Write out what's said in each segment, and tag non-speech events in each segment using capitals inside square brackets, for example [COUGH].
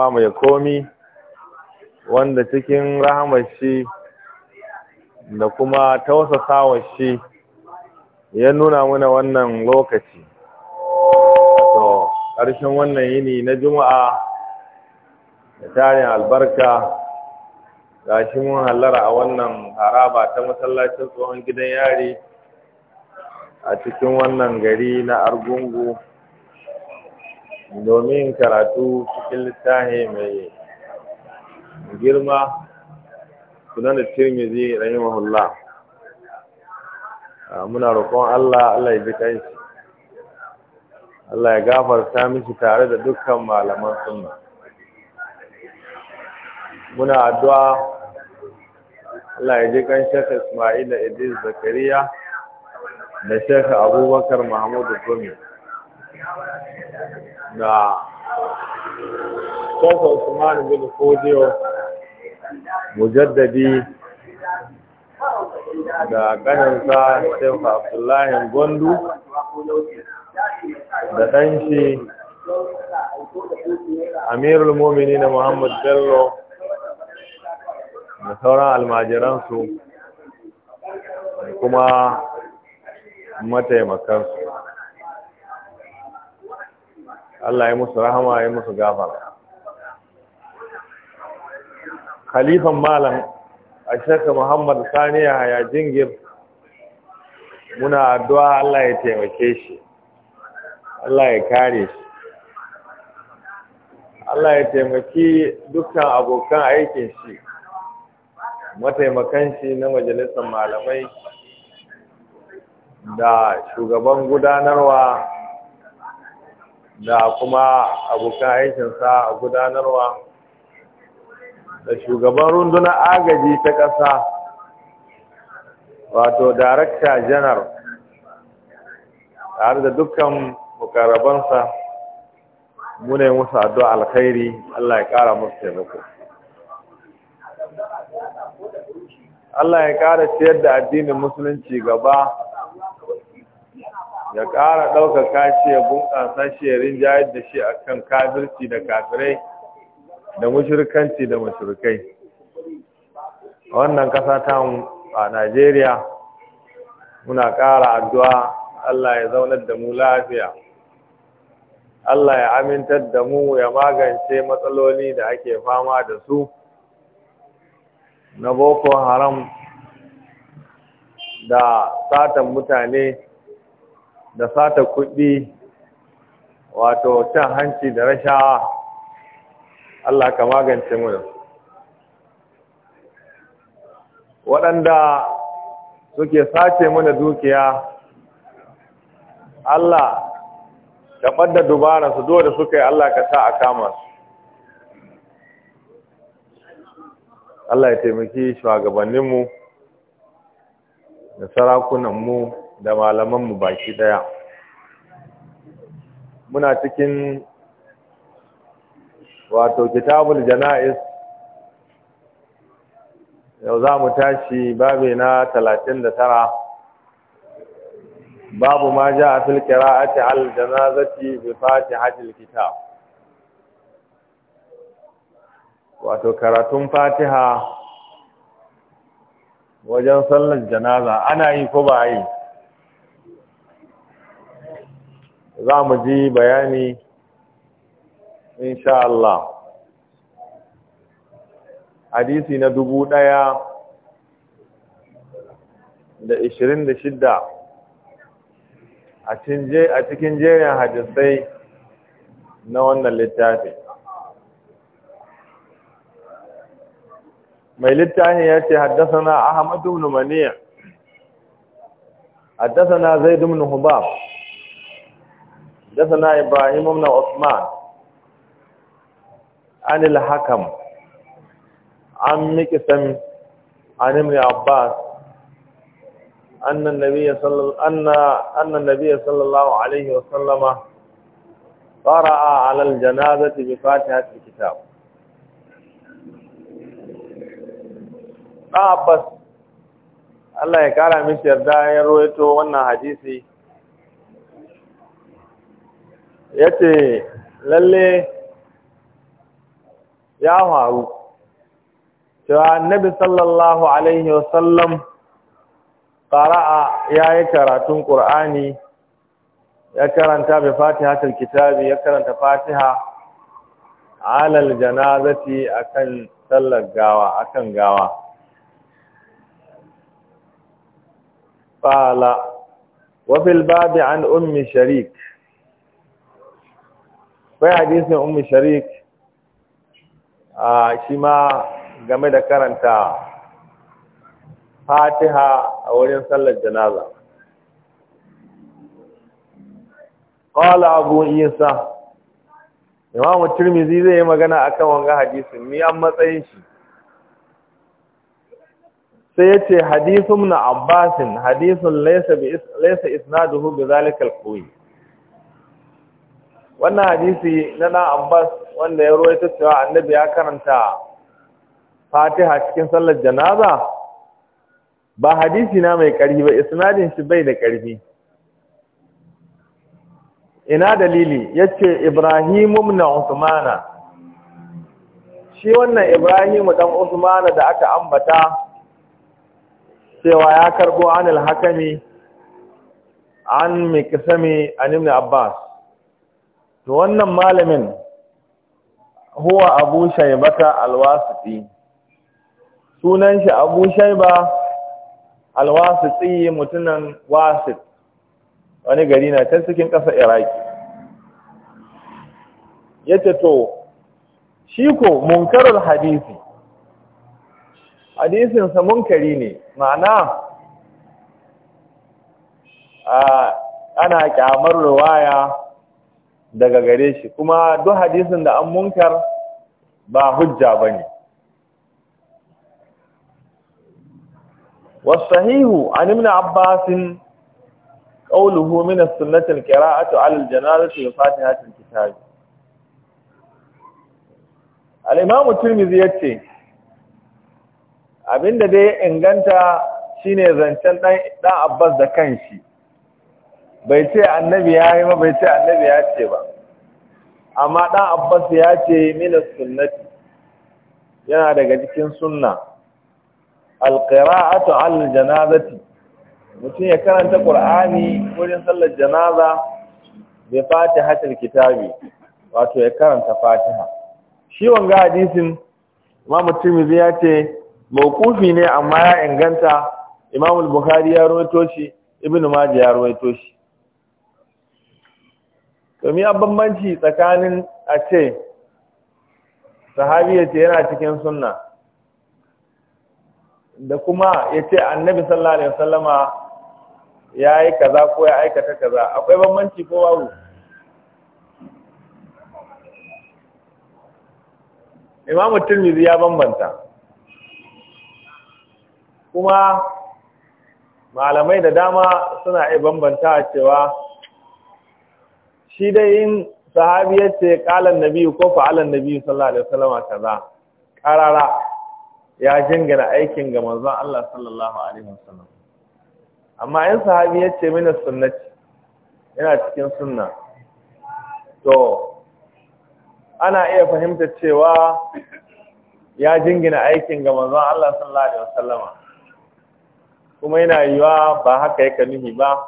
wa mai komi wanda cikin rahamar shi da kuma tausasawa shi ya nuna mana wannan lokaci to ƙarshen wannan yini na juma'a da tarin albarka ga shi mun hallara a wannan haraba ta masallacin tsohon gidan yari a cikin wannan gari na argungu domin karatu cikin littafi mai girma sunan da tirmizi rahimahullah ah, muna roƙon Allah Allah ya ji kai Allah ya gafarta mishi tare da dukkan malaman sunna muna addu'a Allah ya ji kan Sheikh Isma'il Idris Zakariya da Sheikh Abubakar Mahmud Gumi da Shafa Usman bin Fodiyo mujaddadi da sa Shafa Abdullahi Gondu da ɗanshi Amirul Mumini na Muhammad Bello da sauran almajiransu da kuma mataimakansu. Allah ya musu rahama ya musu gafara khalifan malam ashaka muhammad sani ya jingir muna addu'a Allah ya taimake shi Allah ya kare shi Allah ya taimaki dukkan abokan aikin shi mataimakan shi na majalisar malamai da shugaban gudanarwa da kuma abokan aikinsa a gudanarwa da shugaban rundunar agaji ta ƙasa wato darakta janar tare da dukkan mukarabansa yi musu addu'a alkhairi Allah ya ƙara musu taimako Allah ya ƙara ciyar da addinin musulunci gaba ya ƙara ɗaukaka shi ya bunƙasa shi ya rinjayar da shi a kan kafirci da kafirai da mushrikanci da A wannan ƙasa ta a najeriya muna ƙara addu'a allah ya zaunar da mu lafiya allah ya amintar da mu ya magance matsaloli da ake fama da su na boko haram da satan mutane da sata kuɗi wato cin hanci da rashawa Allah ka magance mu waɗanda suke sace mana dukiya Allah ka ɓadda dubara su da suka yi Allah ka sa a kama su Allah ya taimaki shugabanninmu da sarakunanmu da malamanmu baki daya muna cikin wato kitabul jana'is. yau za mu tashi babi na talatin da tara babu ma ja a fil qira'ati al janazati bi fatihatil kitab wato karatun fatiha wajen sallar janaza ana yi ko ba yi za mu ji bayani insha Allah hadisi na dubu ɗaya da ishirin da shidda a cikin jerin hadisai na wannan littafi mai littafi ya ce haddasa na ahmadu numaniya haddasa na zai dumnu hubab حدثنا إبراهيم بن عثمان عن الحكم عن مكسم عن ابن عباس أن النبي صلى أن أن النبي صلى الله عليه وسلم قرأ على الجنازة بفاتحة الكتاب عباس آه، الله ya kara mishi yarda ya rawaito wannan hadisi ya ce lalle ya faru cewa annabi sallallahu alaihi wasallam ƙara'a ya yi karatun ƙur'ani ya karanta bai fatihatul kitabi ya karanta fatiha alal janazati akan sallar gawa akan gawa Fala wafil babi an ummi sharik. akwai hadisin ummi sharik a shi ma game da karanta fatiha a wurin sallar janaza ƙwala abu isa imamu tirmizi zai yi magana akan wanga hadisin ni an matsayin shi sai ya ce hadisun na abbasin hadisun laisa isnaduhu bi zalikal Koyi. wannan hadisi na na ambas wanda ya ruwaita cewa annabi ya karanta fatiha cikin sallar janaza ba hadisi na mai ƙarfi ba isnadin shi bai da ƙarfi ina dalili Ya ce ibrahim na usmana shi wannan ibrahim dan usmana da aka ambata cewa ya karɓo anil hakami an miqsami an abbas to wannan malamin huwa abu shaibata alwasiti sunan shi abu shaiba alwasiti mutunan wasit wani gari na ta cikin ƙasa iraki yace to shi ko munkarul hadisi Hadisinsa munkari ne ma'ana ana kyamar ruwaya daga gare shi kuma duk hadisin da an munkar ba hujja ba ne wasahihu an ibn abbasin qawluhu min as-sunnati al-qira'atu 'ala al-janazati bi fatihati al-kitab al-imam at abinda dai inganta shine zancen ɗan abbas da kanshi bai ce annabi ya yi ba bai ce annabi ya ce ba amma ɗan abbas ya ce mina sunnati yana daga cikin sunna alƙira'atu alal janazati mutum ya karanta ƙur'ani wurin sallar janaza bai fatihatul kitabi wato ya karanta fatiha shi wanga hadisin ma mutum ya ce mawqufi ne amma ya inganta imamul al-bukhari ya rawaito shi ibnu majah ya rawaito shi domin ya bambanci tsakanin a ce sahabi ya ce yana cikin sunna da kuma ya ce annabi sallallahu alaihi wasallama ya yi kaza ko ya aikata kaza akwai bambanci ko babu imamu ya bambanta kuma malamai da dama suna iya bambanta cewa shi dai in sahabi ya ce kalan nabi ko fa'alan nabi sallallahu alaihi wasallam kaza karara ya jingina aikin ga manzon Allah sallallahu alaihi wasallam amma in sahabi ya ce mini sunnati yana cikin sunna to ana iya fahimta cewa ya jingina aikin ga manzon Allah sallallahu alaihi wasallama kuma yana yiwa ba haka yake nuhi ba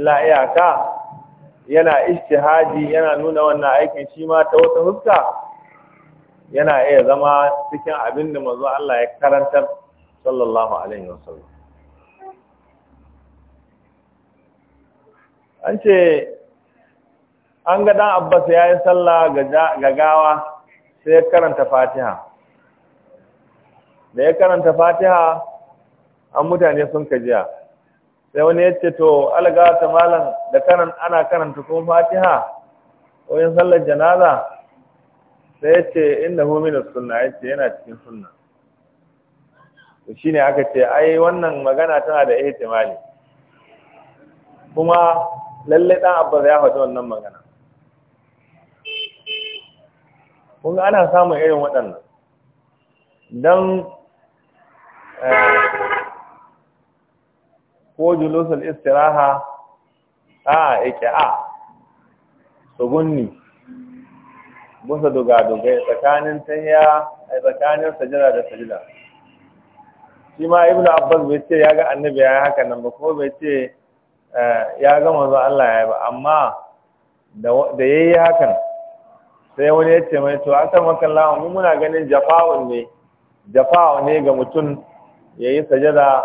la iyaka yana ijtihadi yana nuna wannan aikin shi ma ta wata huska yana iya zama cikin abin da manzo Allah ya karantar sallallahu alaihi wasallam an ce an ga dan Abbas ya sallah ga gawa sai ya karanta Fatiha da ya karanta Fatiha an mutane sun kajiya sai wani yace to alga ta malam da kanan ana karanta ko fatiha ko yin sallar janaza sai yace inda hominu sunna ya ce yana cikin sunna to shine aka ce ai wannan magana tana da ihtimali kuma lalle dan abba ya faɗi wannan magana kun ana samun irin waɗannan dan eh, ko julusul istiraha a iki'a tsugunni busa dugadugai tsakanin tahiya a tsakanin sajira da sajira shi ma ibnu abbas bai ce ya ga annabi ya yi haka nan ba ko bai ce eh, ya ga manzo Allah ya yi ba amma da ya yi hakan sai wani ya ce mai to akan makallahu mu muna ganin jafa'un ne jafa'u ne ga mutum ya yi sajada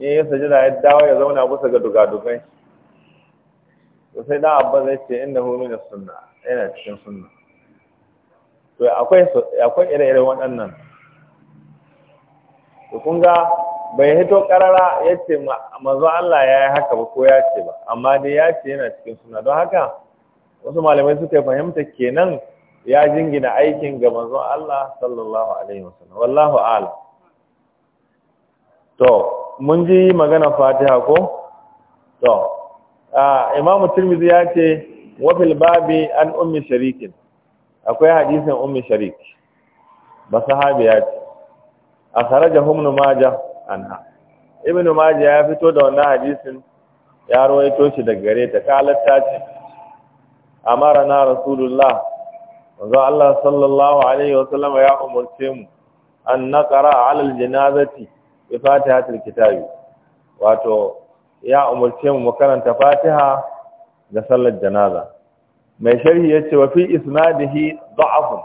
in ya sajada ya dawo ya zauna kusa ga dugadugai to sai dan abba zai ce inda hulun da sunna yana cikin sunna to akwai ire-ire waɗannan to kun ga bai hito karara ya ce Mazu Allah ya yi haka ba ko ya ce ba amma dai ya ce yana cikin suna don haka wasu malamai suka fahimta kenan ya jingina aikin ga Mazu Allah sallallahu alaihi wasallam wallahu a'lam to mun ji magana fatiha ko to imam tirmidhi ya ce wa fil babi an ummi sharikin akwai hadisin ummi sharik ba sahabi ya ce akhrajahu ibn majah anha ibn majah ya fito da wannan hadisin ya rawaito shi daga gare ta kalatta ce na rasulullah wanzu Allah sallallahu alaihi sallam ya umarce mu an naƙara alal aljanazati bi fatihatil kitabi wato ya umurce mu karanta fatiha da sallar janaza mai sharhi yace wa fi isnadihi da'af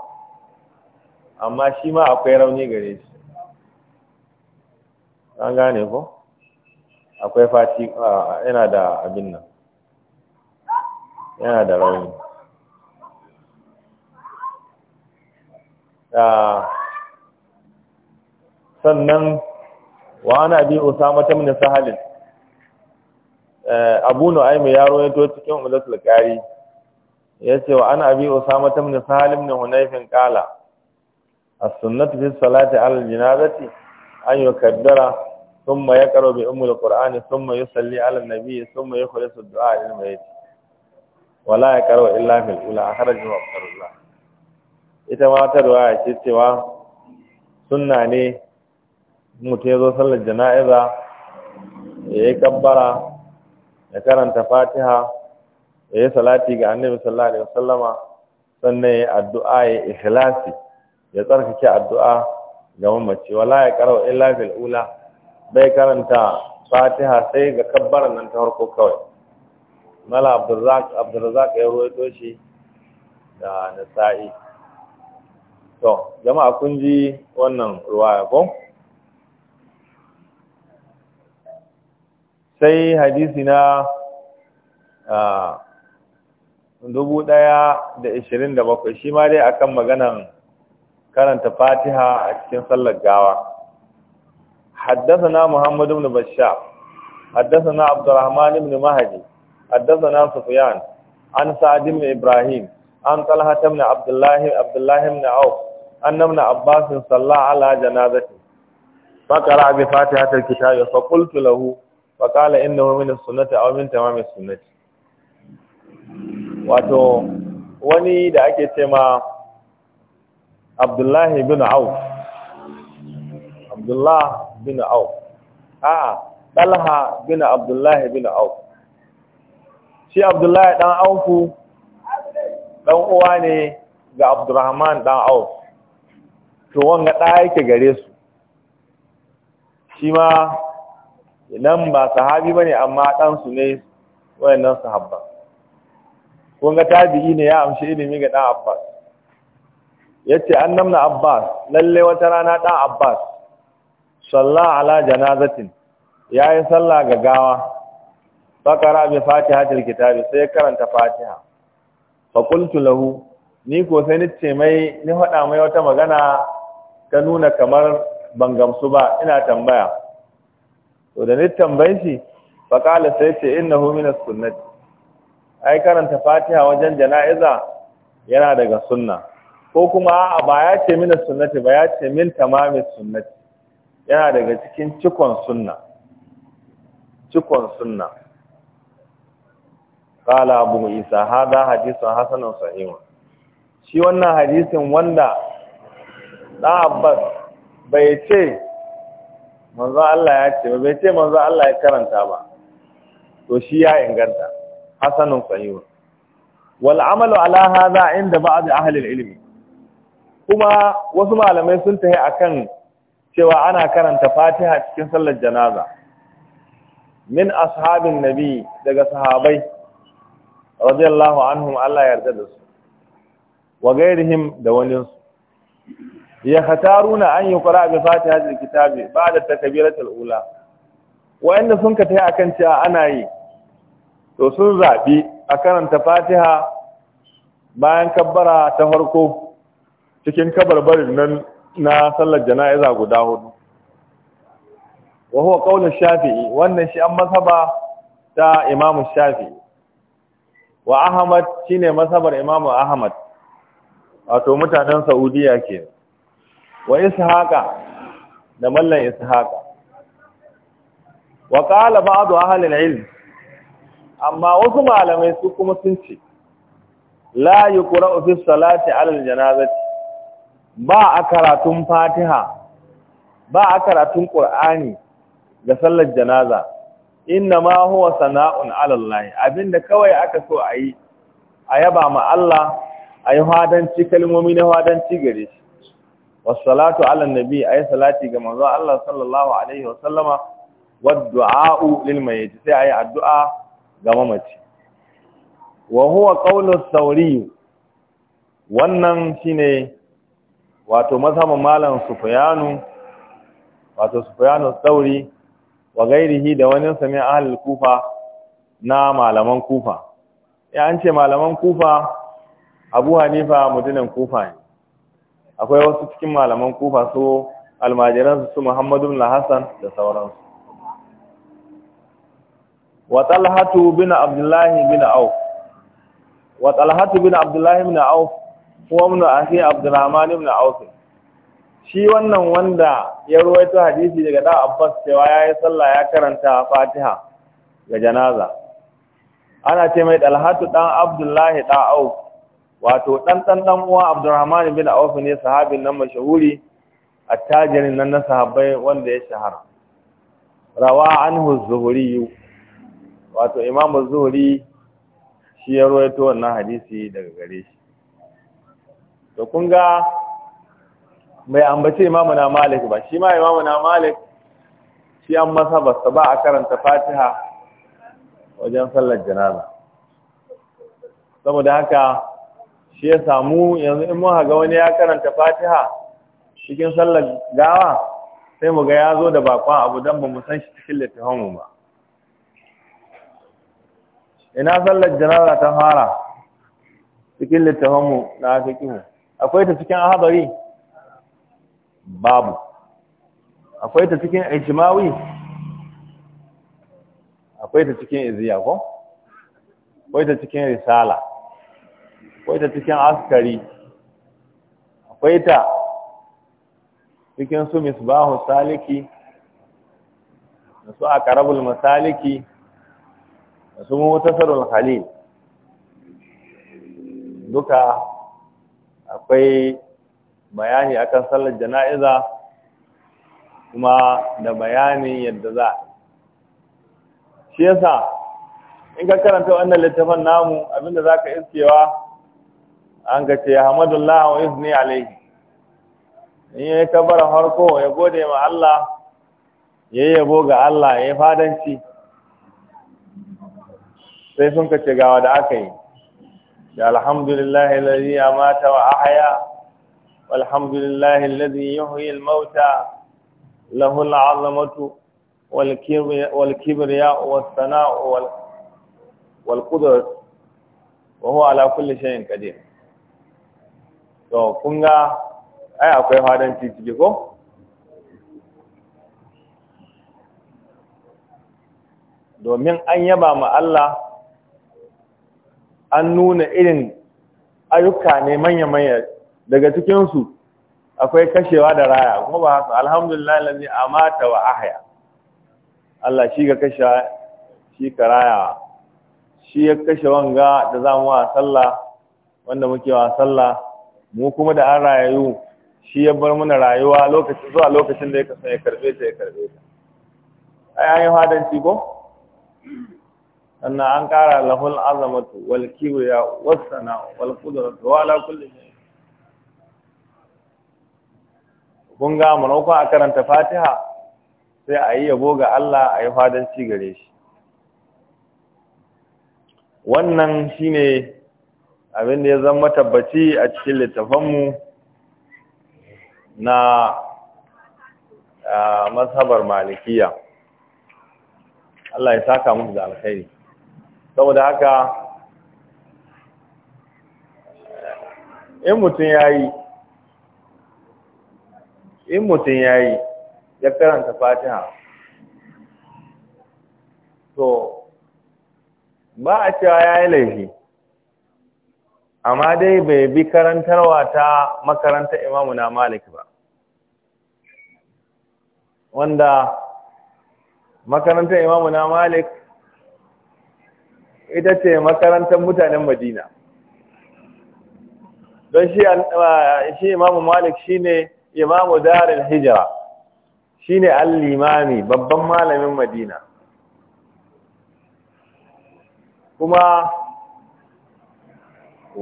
amma shi ma akwai rauni gare shi an gane ko akwai fati yana da abin nan yana da rauni ah, sannan wa ana bi usama ta mini sahalin eh, abu yaro ya to cikin umdatul qari yace wa ana abi usama ta mini sahalin ne hunayfin qala as-sunnatu fi salati ala al-janazati an yukaddara thumma yaqra bi ummi qur'an thumma yusalli ala an-nabi thumma yukhlis ad-du'a lil wa wala yaqra illa fil ula wa abdullah ita ma ta riwaya ce cewa sunna ne mutum ya zo sallar jana'iza ya yi kabbara ya karanta fatiha ya yi salati ga annabi sallallahu alaihi wasallama sannan ya addu'a ya ikhlasi ya tsarkake addu'a ga mamaci wala ya karo illa fil ula bai karanta fatiha sai ga kabbaran nan ta farko kawai mala abdurrazak abdurrazak ya ruwaito shi da nasa'i to jama'a kun ji wannan ruwaya ko sai hadisi na dubu ɗaya da ishirin da bakwai shi ma dai akan maganan karanta fatiha a cikin sallar gawa حدثنا محمد بن بشار حدثنا عبد الرحمن بن مهدي حدثنا سفيان عن سعد بن إبراهيم عن طلحة بن عبد الله عبد الله بن عوف أن ابن عباس صلى على جنازته فقرأ بفاتحة الكتاب فقلت له fa inda innahu min as-sunnati aw min tamam sunnati wato wani da ake ce ma Abdullahi bin Auf Abdullah bin Auf a'a Talha bin Abdullahi bin Auf shi Abdullahi dan auku dan uwa ne ga Abdurrahman dan Auf to wanga da yake gare su shi ma nan ba sahabi bane amma dan su ne wayannan sahabba kun ga tabi'i ne ya amshi ilimi ga dan Abbas yace annamna Abbas lalle wata rana dan Abbas salla ala janazatin yayi sallah ga gawa bakara bi fatihatil kitabi sai karanta fatiha fa qultu lahu ni ko sai ni ce mai ni faɗa mai wata magana ta nuna kamar ban gamsu ba ina tambaya to da ni tambayin shi fa qala sai ce innahu min as-sunnati ai karanta Fatiha wajen jana'iza yana daga sunna ko kuma a ba ya ce min as-sunnati ba ya ce min tamamin sunnati yana daga cikin cikon sunna cikon sunna qala abu isa hada hadithun hasanun sahih shi wannan hadisin wanda da Abbas bai ce manzo Allah ya ce bai ce manzo Allah ya karanta ba to shi ya inganta hasanun sahih wal amalu ala hadha inda ba'd ahli ilmi kuma wasu malamai sun tahi akan cewa ana karanta Fatiha cikin sallar janaza min ashabin nabi daga sahabai radiyallahu anhum Allah ya yarda da su wa gairihim da waninsu yakhtaruna an yuqra bi fatihatil kitabi ba'da takbiratul ula wa'anda sun ka tayi akan cewa ana yi to sun zabi a karanta fatiha bayan kabbara ta farko cikin kabarbarin nan na sallar jana'iza guda hudu wa huwa ƙaunar shafi'i wannan shi an mazhaba ta imam shafi'i wa ahmad shine mazhabar imam ahmad wato mutanen saudiya kenan wa ishaqa da mallan ishaqa wa qala ba'd ahli al-ilm amma wasu malamai su kuma sun ce la yuqra'u fi salati 'ala al-janazati ba a karatun fatiha ba a karatun qur'ani ga sallar janaza inna ma huwa sana'un 'ala Allah abinda kawai aka so ayi ayaba a yaba ma Allah a hadanci kalmomi na hadanci gare shi wasalatu ala nabi yi salati ga manzo Allah sallallahu alaihi wa sallama lil mayyit sai a yi addu'a ga mamaci wa huwa qawlu thawri wannan shine wato mazhabin malam sufyanu wato sufyanu thawri wa gairihi da wani sami ahlul kufa na malaman kufa ya an ce malaman kufa abu hanifa mutumin kufa ne akwai wasu cikin malaman kufa su almajiransu su muhammadu bin hassan da sauransu wa talhatu bin abdullahi bin auf wa talhatu bin abdullahi bin auf kuma mun ahi abdurrahman bin auf shi wannan wanda ya ruwaito hadisi daga da abbas cewa yayi sallah ya karanta fatiha ga janaza ana ce mai talhatu dan abdullahi da auf wato dan dan dan uwa Abdurrahman bin awf ne sahabin nan mashahuri attajirin nan na sahabbai wanda ya shahara rawa anhu zuhuri wato Imam Zuhri shi ya rawaito wannan hadisi daga gare shi to kun ga mai ambace imamu na Malik ba shi ma Imam na Malik shi an masa ba a karanta Fatiha wajen sallar janaza saboda haka shi ya samu yanzu in mun haga wani ya karanta fatiha cikin sallar gawa sai mu ga ya zo da bakon abu don ba mu san shi cikin mu ba ina sallar janaza ta fara cikin mu na fikihu akwai ta cikin ahabari babu akwai ta cikin ijmawi akwai ta cikin iziya ko akwai ta cikin risala akwai ta cikin askari akwai ta cikin su misbahu saliki da su akarabul masaliki da su mutasarul khalil duka akwai bayani akan sallar jana'iza kuma da bayanin yadda za shi yasa in ka karanta wannan littafin namu abinda zaka iskewa an ga ce hamdulillah wa izni alayhi in yayi kabara harko ya gode ma Allah yayi yabo ga Allah ya fadanci sai sun kace gawa da aka yi da alhamdulillah alladhi amata wa ahya walhamdulillah alladhi yuhyi al wal kibriya al sana'u wal والثناء wa huwa ala kulli shayin قدير to kun ga ai akwai fadanci titi ko domin an yaba ma Allah an nuna irin ayyuka ne manya-manya daga cikinsu akwai kashewa da raya kuma ba haka alhamdulillah lalzi amata wa ahya Allah shi ga kashewa shi ka rayawa shi ya kashe wanga da za mu wa sallah wanda muke wa sallah mu kuma da an rayu shi ya bar mana rayuwa lokaci zuwa lokacin da ya kasance ya karbe ta ya karbe ta ai an yi hadanci ko sannan an kara lahul azamatu wal kibriya was sana wal qudratu wa ala kulli shay'in kun ga ko a karanta fatiha sai a yi yabo ga Allah a yi hadanci gare shi wannan shine abin da ya zama tabbaci a cikin littafanmu na mazhabar malikiya Allah ya saka musu da alkhairi saboda haka in mutum ya yi in mutum ya yi ya karanta fatiha to ba a cewa ya yi laifi amma dai bai bi karantarwa ta makaranta imamu na malik ba wanda makarantar imamu na malik ita ce makarantar mutanen madina don shi eh, imamu malik shi ne imamu darin hijira shi ne allimami babban malamin madina kuma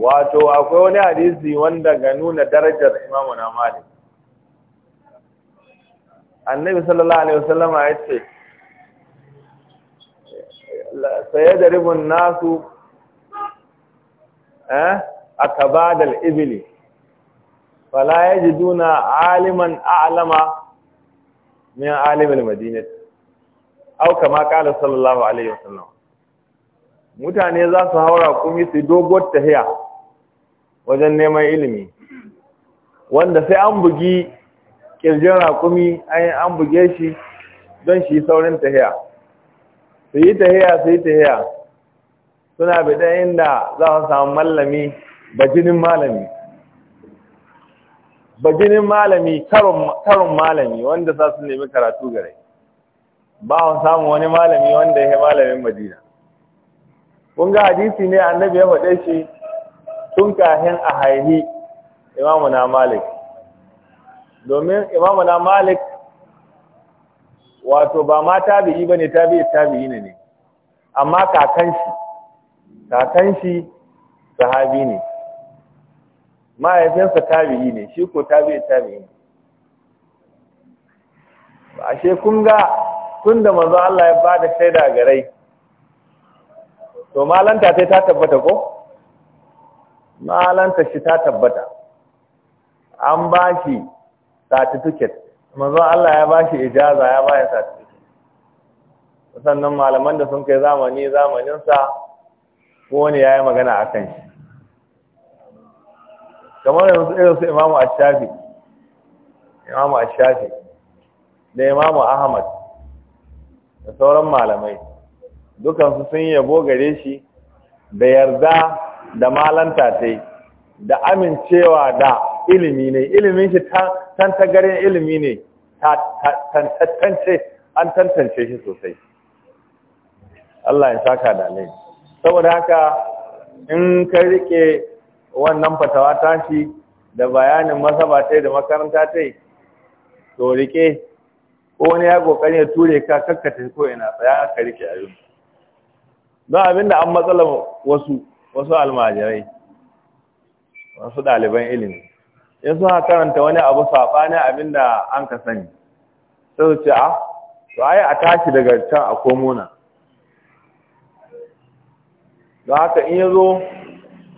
wato akwai wani hadisi wanda ga nuna darajar imamu na malik annabi sallallahu alaihi wasallam ya ce saye da ribin nasu eh, a kabadal ibili fala yajiduna aliman a'lama min al madinat aw kama qala sallallahu alaihi wasallam mutane za su haura kuma su dogon tahiya wajen neman ilimi wanda sai an bugi ƙirjin rakumi an buge shi don shi saurin tahiya su yi tahiya su yi tahiya suna bidan inda za su samu mallami bajinin malami bajinin malami karon malami wanda za su nemi karatu gare ba a samu wani malami wanda ya yi malamin madina kun ga hadisi ne annabi ya faɗe shi tun kahin a haihi imamu na malik domin imamu na malik wato ba ma tabi'i ba ne tabi'i tabi'i ne ne amma kakan shi sahabi ne mahaifinsa tabi'i ne shi ko tabi'i tabi'i ne ashe kun ga tun da manzo Allah ya bada shaida garai to malanta sai ta tabbata ko malanta shi ta tabbata an ba shi certificate manzo Allah ya ba shi ijaza ya ba shi certificate sannan malaman da sun kai zamani zamanin sa ko ne yayi magana akan shi kamar yanzu irin su Imam Ashafi shafi Imam Ash-Shafi da Imam Ahmad da sauran malamai dukansu sun yabo gare shi da yarda da malanta ta da amincewa da ilimi ne ilimin shi tantagarin ilimi ne tantance an tantance shi sosai Allah ya saka da ne. saboda haka in ka rike wannan fatawa tashi da bayanin masaba ta da makaranta ta yi, to rike ko wani ya kokari ya ture ka kakkata ko ina tsaya ka rike a yi don abinda an matsala wasu wasu almajirai wasu ɗaliban ilimi in suna karanta wani abu saɓanin abin da an ka sani sai su ce a ah, to ai a tashi daga can a komuna don haka in ya zo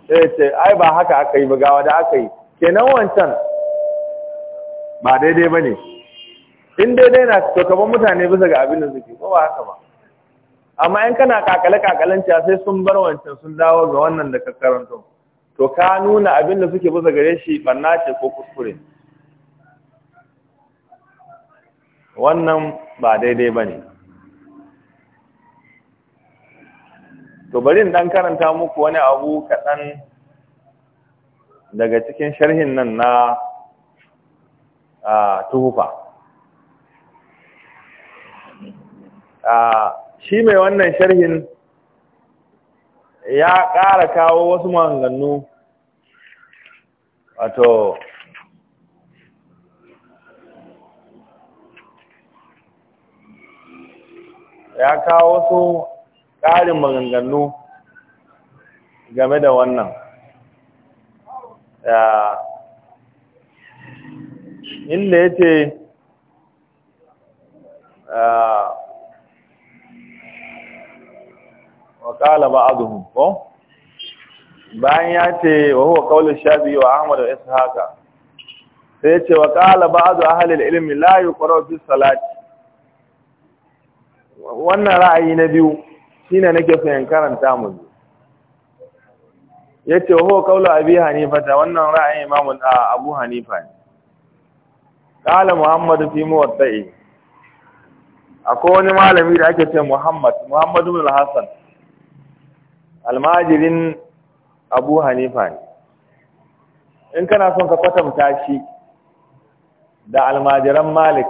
sai ce ai ba haka aka yi bugawa da aka yi kenan wancan ba daidai ba ne in daidai na to mutane bisa ga abin da suke ko ba haka ba amma in kana kakale kakalen cewa sai sun bar wancan sun dawo ga wannan da ka karanto to ka nuna abin da suke buza gare shi banna ce ko kuskure wannan ba daidai ba ne to bari dan karanta muku wani abu kaɗan daga cikin sharhin nan na ah, tuhufa ah, shi mai wannan sharhin ya ƙara kawo wasu maganganu wato ya kawo wasu ƙarin maganganu game da wannan inda ya ce wa qala ba'dhum ko bayan ya ce wa huwa qawlu shafi wa ahmad wa ishaqa sai ce wa qala ba'du ahli al-ilm la yuqra fi salati wannan ra'ayi na biyu shine nake so in karanta mu yace wa huwa qawlu abi hanifa ta wannan ra'ayin imam abu hanifa ne qala muhammad fi muwatta'i akwai wani malami da ake ce muhammad muhammad ibn al-hasan almajirin abu hanifa ne in kana son ka kwatanta shi da almajiran malik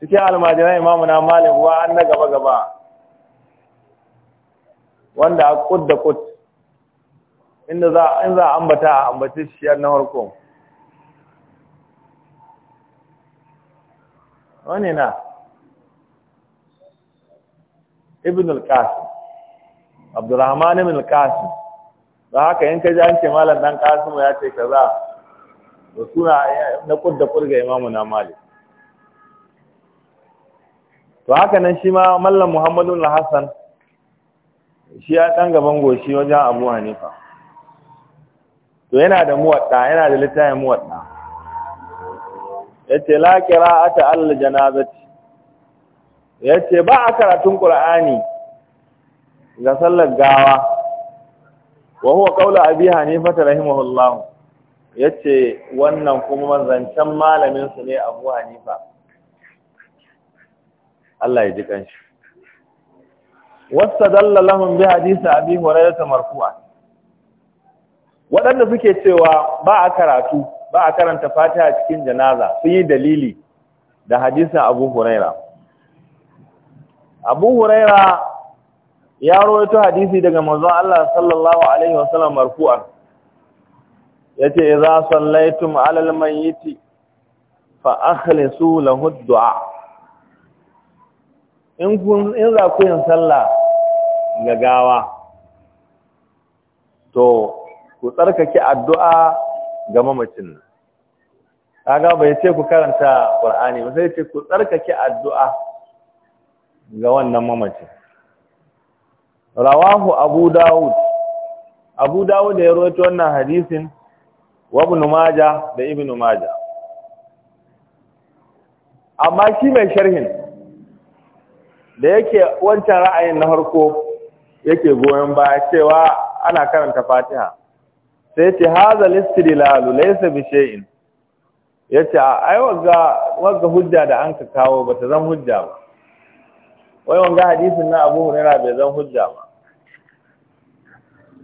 cikin almajiran imamuna malik wa an na gaba gaba wanda a kud da kud inda za in za a ambata a ambaci shi na harko. wani na ibn al-qasim abdurrahman ibn al-qasim da haka in ka ji an ce malam dan qasim ya ce kaza to suna na kudda kurga imamu na malik to haka nan shi ma mallam muhammadu al-hasan shi ya dan gaban goshi wajen abu hanifa to yana da muwatta yana da littafin muwatta yace la qira'ata al-janazati yace ba a karatun qur'ani ga sallar gawa wa huwa qaulu abi hanifa rahimahullah yace wannan kuma manzancan malamin su ne abu hanifa Allah ya ji kanshi wastadalla lahum bi hadisi abi hurairah marfu'a waɗanda suke cewa ba a karatu ba a karanta fatiha cikin janaza sun yi dalili da hadisin abu huraira abu huraira ya rawaito hadisi daga manzon Allah sallallahu alaihi wasallam marfu'an yace idza sallaitum alal mayyit fa akhlisu lahu du'a in kun in za ku yin sallah ga gawa to ku tsarkake addu'a ga mamacin nan kaga bai ce ku karanta qur'ani ba sai ce ku tsarkake addu'a ga wannan mamacin rawahu abu dawud abu dawud da ya roto wannan hadisin wa ibn majah da ibn majah amma shi mai sharhin da yake wancan ra'ayin na harko yake goyon baya cewa ana karanta fatiha sai ce haza listidlalu laysa bi shay'in yace ai wagga wagga hujja da an ka kawo bata zan hujja ba wai wanga hadisin na Abu Hurairah bai zan hujja ba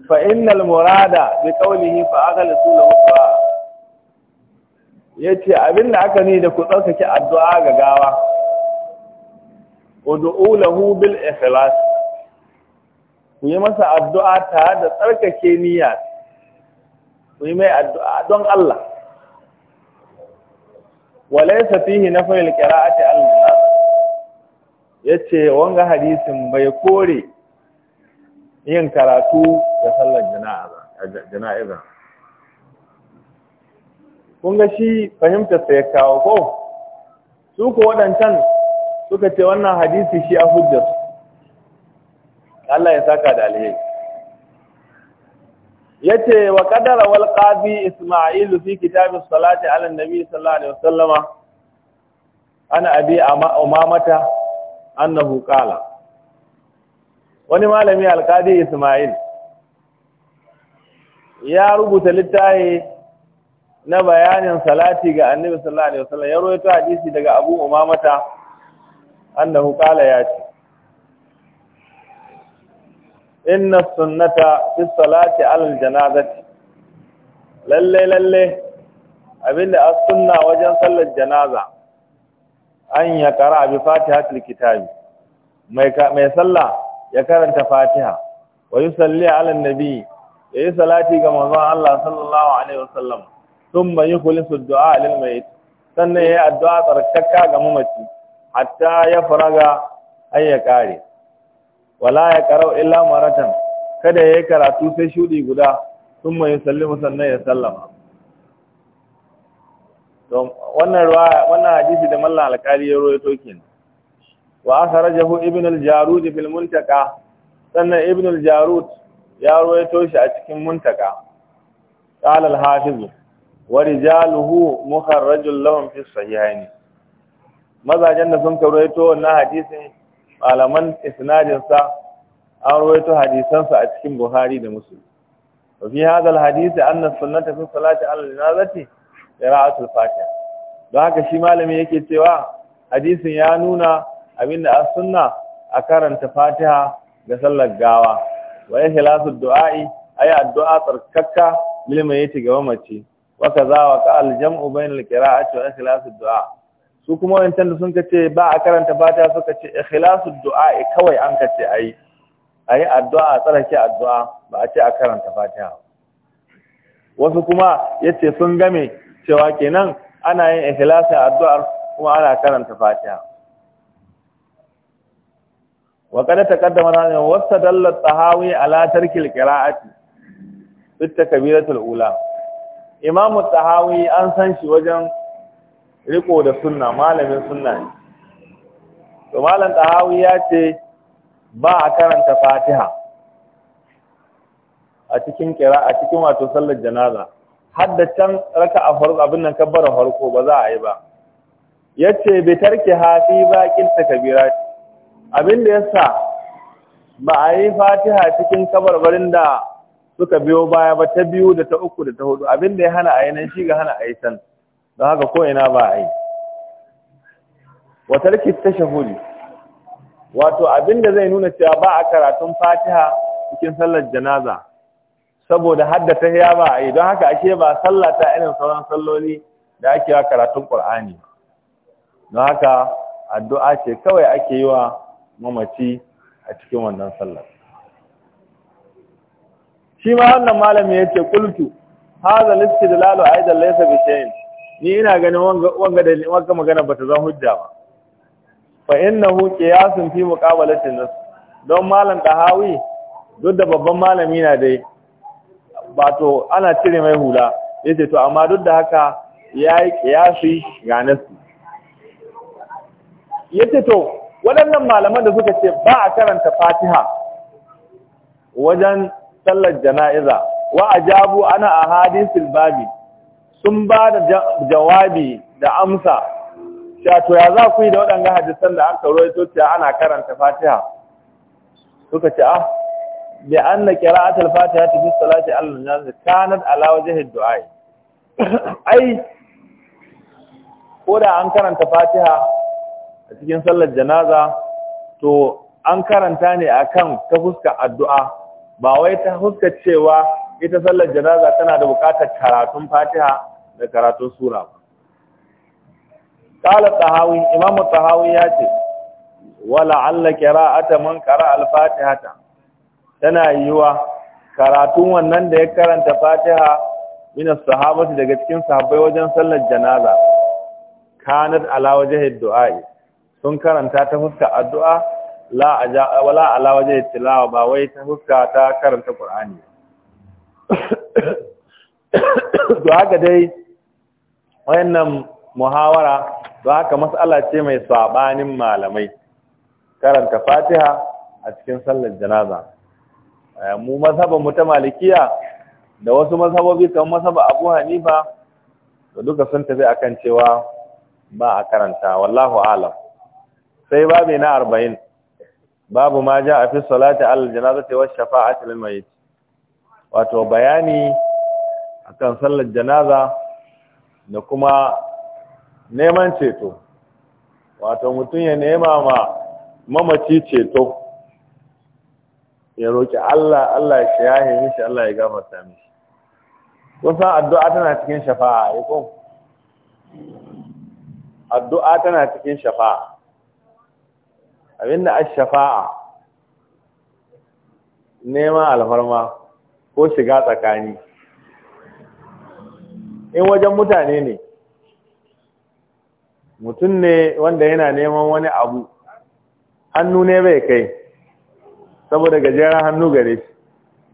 fa innal murada bi qawlihi fa aghal sulu du'a yace abin da aka ni da ku tsaukake addu'a ga gawa ud'u lahu bil ikhlas ku yi masa addu'a ta da tsarkake niyya ku yi mai addu'a don Allah walaysa fihi nafil qira'ati al ya ce wanga hadisin bai kore yin karatu da sallar jana'iza kun ga shi fahimta sai kawo ko su ku waɗancan suka ce wannan hadisi shi a hujjarsu Allah ya saka da Ya ce wa ƙadara wal ƙabi Isma'ilu, fi kitabin salati ala nabi sallallahu alaihi wasallama ana abi a umamata annahu qala wani malami alkadi Ismail ya rubuta littafi na bayanin salati ga Annabi sallallahu alaihi wasallam ya rawaito hadisi daga Abu Umamata annahu qala ya ce inna sunnata fi salati alal janazati lalle lalle abinda as-sunna wajen sallar janaza an ya kara bi fatiha kitabi mai mai sallah ya karanta fatiha wa yusalli ala nabi ya yi salati ga manzon Allah sallallahu alaihi wasallam thumma yukhlisu du'a lil mayit sannan ya yi addu'a tsarkaka ga mamaci hatta ya faraga ga ya kare wala ya karau illa maratan kada ya yi karatu sai shudi guda thumma yusallimu sannan ya sallama wannan hadisi da mallan alƙali ya rawaito kin wa akhrajahu ibn al-jarud fil muntaka sannan ibn al-jarud ya rawaito shi a cikin muntaka qala al-hafiz wa rijaluhu mukharrajul lahum fi sahihayn mazajen da sun rawaito wannan hadisin malaman isnadin sa an rawaito hadisan sa a cikin buhari da muslim wa fi hadha al-hadisi anna sunnata fi salati al-janazati qira'atul fatiha don haka shi malami yake cewa hadisin ya nuna abinda as sunna a karanta fatiha ga sallar gawa wa hilasu du'a'i ayi addu'a tsarkakka lil gaba ga mamaci wa kaza wa qal jam'u bainal qira'ati wa du'a su kuma wancan da sun kace ba a karanta fatiha suka ce ikhlasu du'a'i kawai an kace ayi ayi addu'a tsarkake addu'a ba a ce a karanta fatiha wasu kuma yace sun game cewa kenan ana yin a addu'ar kuma ana karanta fatiha wa kada kaddama na wasta dallat tahawi ala tarkil qira'ati bit kabiratul ula imamu tahawi an san shi wajen riko da sunna malamin sunna ne to malam tahawi ya ce ba a karanta fatiha a cikin kira a cikin wato sallar janaza can raka a farko abin nan kabbara farko ba za a yi ba yace bi tarki hafi baqil kabira abin da yasa ba a yi fatiha cikin kabarbarin da suka biyo baya ba ta biyu da ta uku da ta hudu abin da ya hana a yi nan shi ga hana a yi san don haka ko ina ba a yi wa tarki tashahudi wato abin da zai nuna cewa ba a karatun fatiha cikin sallar janaza saboda haddata ya ba a yi don haka ashe ba sallah ta irin sauran salloli da ake wa karatun ƙur'ani don haka addu'a ce kawai ake yi wa mamaci a cikin wannan sallar shi ma wannan malami ya ce kultu haza liski da lalo aida laisa bi shayin ni ina ganin wanga da wanga magana bata zan hujja ba fa innahu qiyasun fi muqabalatin nas don malam dahawi duk da babban malami na dai ba ana cire mai hula yace to amma duk da haka yayi kiyasi ga nasu yace to waɗannan malaman da suka ce ba a karanta Fatiha wajen sallar jana'iza wa ajabu ana ahadisul babi sun ba da jawabi da amsa Sha to ya za ku yi da waɗannan hadisan da aka to cewa ana karanta Fatiha suka ce ah bi anna qira'at al-fatiha fi salati al-janaz kanat ala wajhi ad-du'a ai ko da an karanta fatiha a cikin sallar janaza to an karanta ne akan ta fuska addu'a ba wai ta fuska cewa ita sallar janaza tana da bukatar karatun fatiha da karatun sura qala tahawi imamu tahawi ya ce wala alla qira'ata man qara'a al tana yiwa karatun wannan da ya karanta fatiha min sahabati daga cikin sahabbai wajen sallar janaza kanat ala wajhi du'a sun karanta ta fuska addu'a la aja wala ala wajhi tilawa ba wai ta fuska ta karanta qur'ani [COUGHS] to haka dai wayannan muhawara to haka mas'ala ce mai sabanin malamai karanta fatiha a cikin sallar janaza Eh, mu mazhaban mu ta malikiya da wasu mazhabobi kamar mazhaban Abu Hanifa da duka sun tafi akan cewa ba a karanta wallahu alam sai babu na arba'in. babu ma ja a fi salati al janazati wa shafa'ati lil mayit wato bayani akan sallar janaza da kuma neman ceto wato mutum ya nema ma mamaci ceto ya roƙi Allah Allah ya shaye mishi Allah ya gafarta mishi kusan addu'a tana cikin shafa'a ya ko addu'a tana cikin shafa'a abinda ash-shafa'a nema alfarma ko shiga tsakani in wajen mutane ne mutum ne wanda yana neman wani abu hannu ne bai kai saboda gajeren hannu gare shi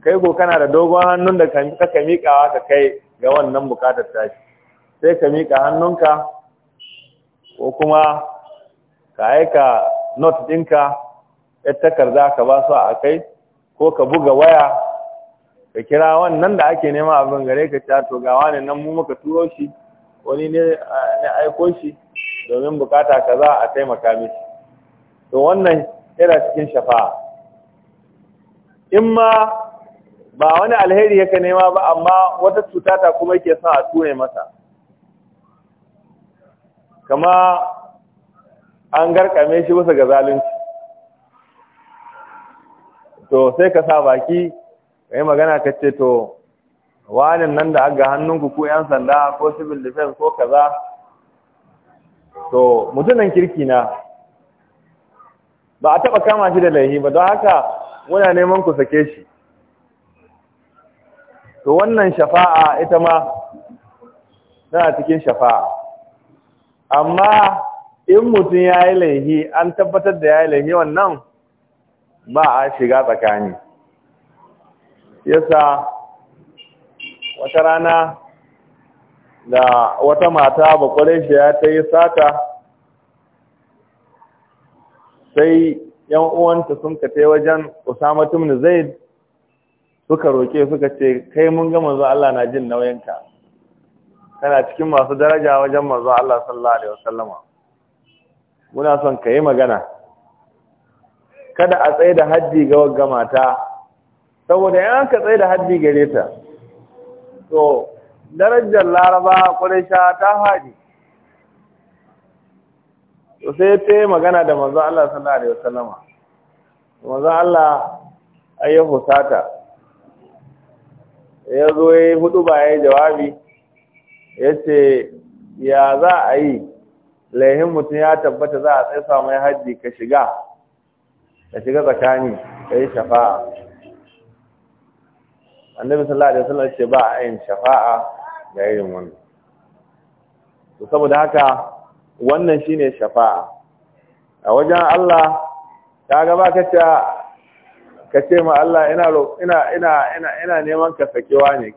kai ko kana da dogon hannun da ka miƙawa ka kai ga wannan buƙatar tashi sai ka miƙa hannunka ko kuma ka aika not ɗinka ɗan takarda ka ba su a kai ko ka buga waya ka kira wannan da ake nema abin gare ka ta to gawa ne nan mu muka turo shi wani ne aiko shi domin bukata kaza a taimaka mishi to wannan yana cikin shafa'a in ma ba wani alheri yake nema ba amma wata cuta ta kuma yake sa a ture masa kama an garkame shi bisa ga zalunci to sai ka sa baki ka yi magana ka ce to wanin nan da aga hannunku ko 'yan sanda ko civil defense ko kaza to mutunan kirki na ba a taɓa kama shi da laihi ba don haka muna neman ku sake shi to wannan shafa'a ita ma tana cikin shafa'a amma in mutum ya yi laihi an tabbatar da ya yi laihi wannan ba a shiga tsakani yasa wata rana da wata mata bakwai shi ya ta yi sata sai yan uwanta sun ka tai wajen Usama ibn Zaid suka roke suka ce kai mun ga manzo Allah na jin nauyinka kana cikin masu daraja wajen manzo Allah sallallahu alaihi wasallama muna son kai magana kada a tsaye da haddi ga wagga mata saboda yan ka tsaye da haddi gare ta to darajar Laraba Quraisha ta haɗi to sai ta yi magana da manzo Allah sallallahu alaihi wasallama manzo Allah ayi husata ya zo ya yi hudu ba ya jawabi ya ce ya za a yi laihin mutum ya tabbata za a tsaisa mai hajji ka shiga ka shiga tsakani ka yi shafa'a annabi sallallahu alaihi wasallam ce ba a yin shafa'a ga irin wannan to saboda haka wannan shine shafa'a a wajen Allah kaga ba ka ta ka ce ma Allah ina ina ina ina ina neman ka sakewa ne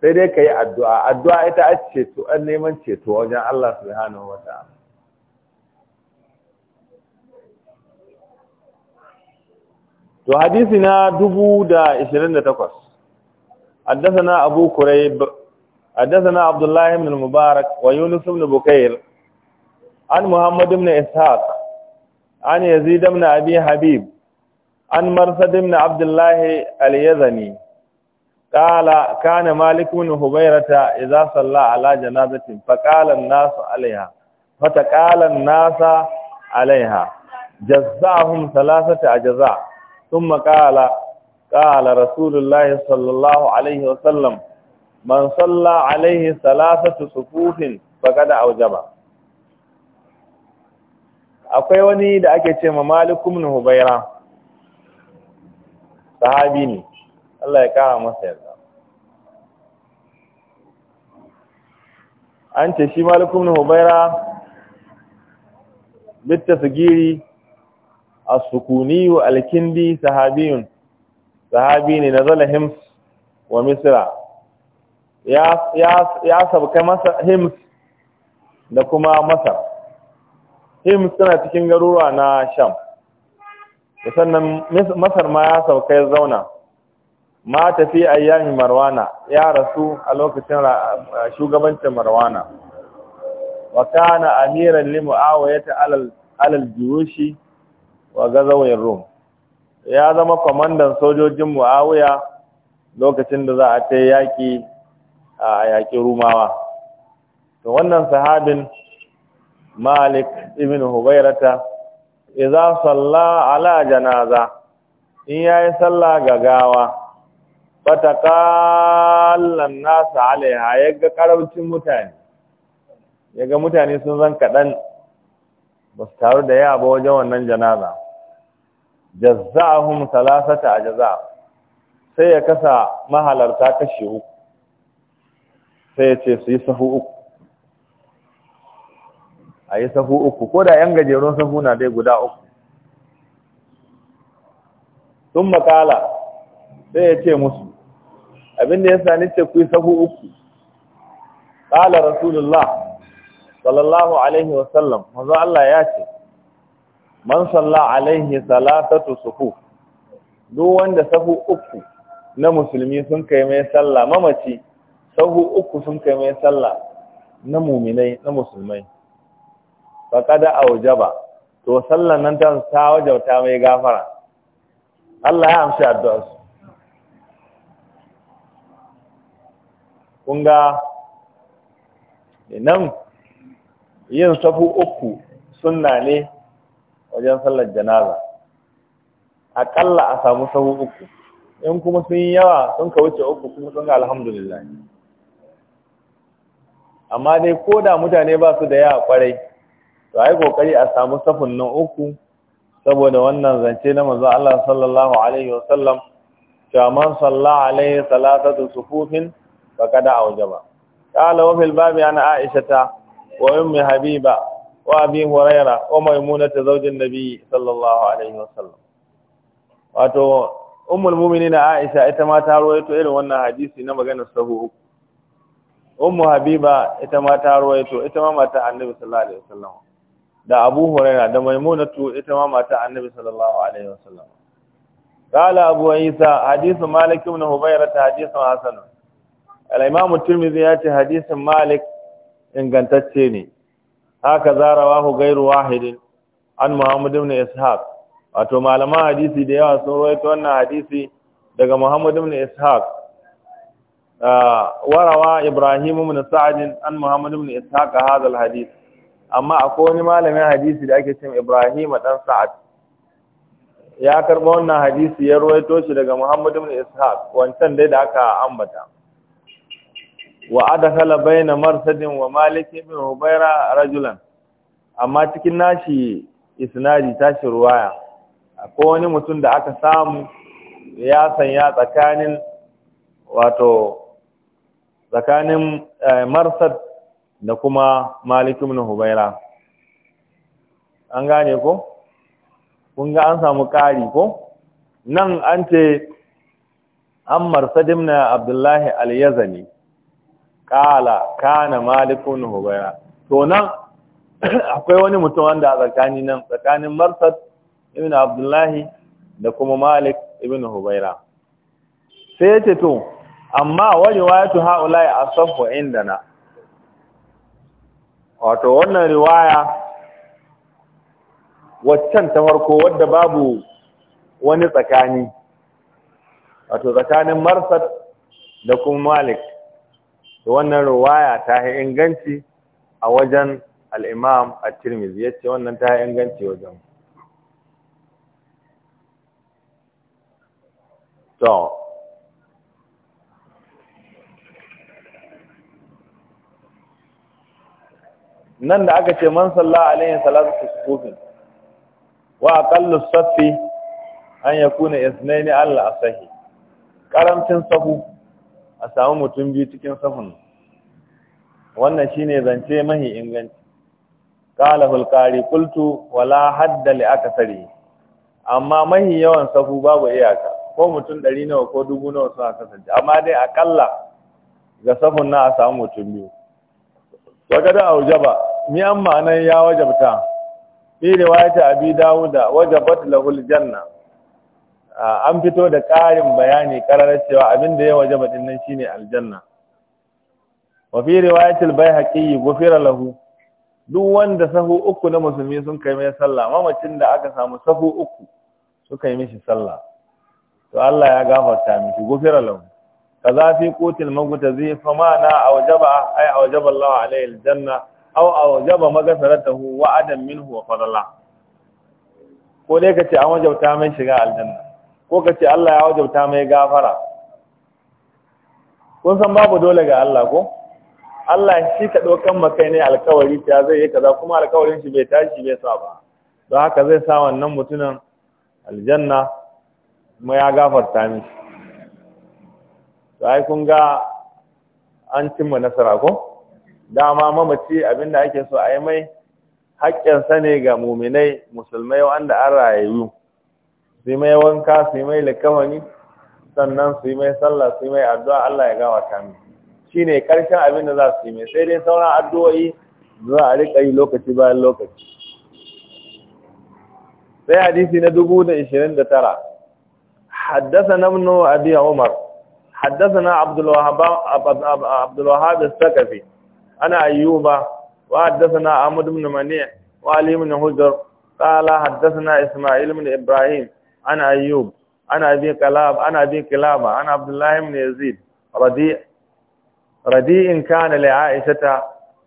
sai dai ka yi addu'a addu'a ita a to an neman ceto wajen Allah subhanahu wa ta'ala to hadisi na 1028 Abu أبو كريب حدثنا عبد Abdullahi mubarak wa Yunus ibn بكير an muhammad ibn ishaq an yazid ibn abi habib an marsad ibn abdullah al-yazani qala kana malik ibn hubayrata idza salla ala janazatin faqala an-nas alaiha fataqala an-nas alaiha jazzahum thalathata ajza thumma qala qala rasulullah sallallahu alaihi wasallam man salla alaihi thalathatu sufufin faqad awjaba akwai wani da ake ce ma malikum na hubaira sahabi ne Allah ya kara masa yarda an ce shi malikum na hubaira bitta sigiri a sukuniyu wa alkindi sahabiyun sahabi ne na zala hims wa misra ya sabka masa hims da kuma masar Him suna cikin garuruwa na sham sannan masar ma ya sauka ya zauna ma tafi ayyami marwana ya rasu a lokacin shugabancin marwana wa kana amiran li muawiyata alal alal juyushi wa gazawin rum ya zama kwamandan sojojin muawiya lokacin da za a ta yaki a yaki rumawa to wannan sahabin malik ibn hubairata idza salla ala janaza in yayi sallah ga gawa fatakallan nas alaiha yaga karaucin mutane yaga mutane sun zan kadan ba su taru da yawa ba wajen wannan janaza jazza'ahum salasata a ajza sai ya kasa mahalarta kashi uku sai ya ce su yi sahu uku a yi safu uku ko da yan gajerun safu na dai guda uku sun makala sai ya ce musu abinda ya sani ce ku yi safu uku ƙala rasulullah sallallahu alaihi wasallam Maza Allah ya ce man salla alaihi salatatu suku, duk wanda safu uku na musulmi sun kai mai sallah mamaci safu uku sun kai mai sallah na muminai na musulmai faqada aujaba to sallan nan ta ta wajauta mai gafara Allah ya amshi addu'ar su nan yin safu uku sunna ne wajen sallar janaza aƙalla a samu safu uku in kuma sun yawa sun ka wuce uku kuma sun ga alhamdulillah amma dai ko da mutane ba su da yawa kwarai to ai kokari a samu safin nan uku saboda wannan zance na manzo Allah sallallahu alaihi wasallam cewa man salla alaihi salatatu sufufin faqad awjaba qala wa fil babi ana aisha wa ummi habiba wa abi huraira wa maimuna zawjin nabi sallallahu alaihi wasallam wato ummul mu'minin aisha ita ma ta rawaito irin wannan hadisi na maganar sahu uku ummu habiba ita ma ta rawaito ita ma mata annabi sallallahu alaihi wasallam da Abu Huraira da Maimunatu ita ma mata Annabi sallallahu alaihi wasallam قال أبو عيسى حديث مالك بن هبيرة حديث حسن الإمام tirmidhi ya ce مالك Malik ingantacce ne. hakaza rawahu gairu wahidin an Muhammad ibn Ishaq wato malaman hadisi da yawa sun rawaito wannan hadisi daga Muhammad ibn Ishaq ah, warawa Ibrahim ibn Sa'd an Muhammad ibn Ishaq hadha hadith amma akwai wani malamin hadisi da ake cin Ibrahim dan Sa'ad ya karba wannan hadisi ya ruwaito shi daga Muhammad ibn Ishaq wancan dai da aka ambata wa adkhala na marsadin wa Malik ibn Hubayra rajulan amma cikin nashi isnadi tashi ruwaya akwai wani mutum da aka samu ya sanya tsakanin wato tsakanin eh, marsad da kuma Malik ibn Hubaira an gane ko kun ga an samu ƙari ko nan an ce Ammar sadimna Abdullahi al-Yazani kala kana Malik ibn Hubaira to nan [CLEARS THROAT] akwai wani mutum wanda a tsakani nan tsakanin Marsad ibn Abdullahi da kuma Malik ibn Hubaira sai ya ce to amma wani wayatu ha'ulai inda na. wato wannan riwaya waccan ta farko wadda babu wani tsakani wato tsakanin marsad da kuma malik da wannan riwaya ta yi inganci a wajen al'imam a tirmizi ya ce wannan ta yi inganci wajen to nan da aka ce man sallah alaihi salatu sufufin wa aqallu safi an yakuna isnaini alla asahi karamcin safu a samu mutum biyu cikin safun wannan shine zance mahi inganci qala hul qari qultu wala hadda li akasari amma mahi yawan safu babu iyaka ko mutum dari nawa ko dubu nawa suna kasance amma dai aqalla ga safun na a samu mutum biyu wa a aujaba mi an ma'anan ya wajabta fi riwayati abi dawuda wajabat lahul janna an fito da ƙarin bayani karar cewa abin da ya wajaba din nan shine aljanna wa fi riwayati al ghufira lahu duk wanda sahu uku na musulmi sun kai mai sallah mamacin da aka samu sahu uku suka yi mishi sallah to Allah ya gafarta mishi ghufira lahu kaza fi qutil maghtazi fa mana awjaba ay awjaba Allah alaihi aljanna aw awjaba maghfiratahu wa adam minhu wa fadala ko dai kace an wajabta mai shiga aljanna ko kace Allah ya wajabta mai gafara kun san babu dole ga Allah ko Allah shi ka dokan makai ne alkawari ta zai yi kaza kuma alkawarin shi bai tashi bai sa ba don haka zai sa wannan mutumin aljanna mai ya gafarta mishi to ai kun ga an cimma nasara ko dama mamaci abinda ake so a yi mai haƙƙinsa ne ga muminai musulmai wanda an rayu su mai wanka su mai likamani sannan su mai sallah su mai addu'a Allah ya gawa ta mu shine karshen abin da za su yi mai sai dai sauran addu'o'i za a rika yi lokaci bayan lokaci sai hadisi na 2029 حدثنا ابن ابي عمر حدثنا عبد الوهاب عبد الوهاب الثقفي انا ايوب وحدثنا عمرو بن منيع وعلي بن هجر قال حدثنا اسماعيل بن ابراهيم انا ايوب انا ابي كلاب انا ابي كلابه انا عبد الله بن يزيد رديء رديء كان لعائشه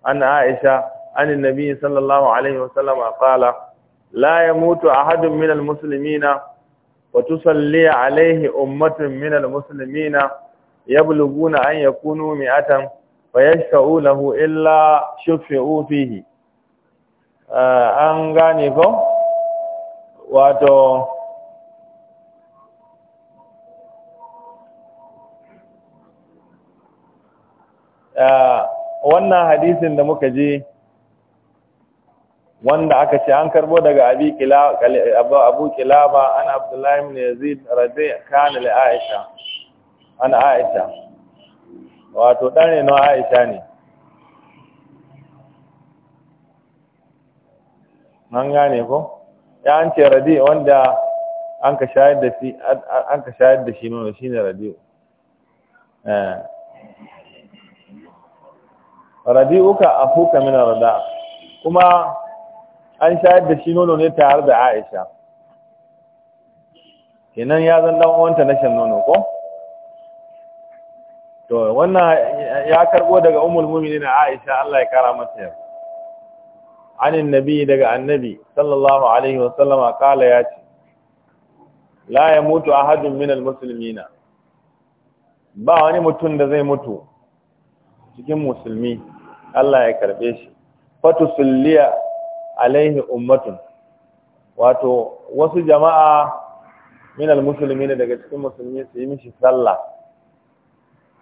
ان عائشه عن النبي صلى الله عليه وسلم قال لا يموت احد من المسلمين وتصلي عليه أمة من المسلمين يبلغون أن يكونوا مئة فيشفعوا له إلا شفعوا فيه أن غانيكو واتو wannan hadisin da muka je wanda aka ce an karbo daga abi abu kilaba an abdullahi ibn yazid rabi kan li aisha an aisha wato dan ne aisha ne an gane ko ya an ce radi wanda an ka shayar da shi an ka shayar da shi nono shine Rade eh radi'uka afuka min rada, kuma an shayar da shi nono ne tare da Aisha kenan ya zan dan uwanta na shan nono ko to wannan ya karbo daga ummul mu'minin Aisha Allah ya kara mata yau anin nabi daga annabi sallallahu alaihi wa sallama kala ya ce la ya yamutu ahadun minal muslimina ba wani mutum da zai mutu cikin musulmi Allah ya karbe shi fatu sulliya alaihi ummatun wato wasu jama'a min musulmi ne daga cikin musulmi su yi mishi sallah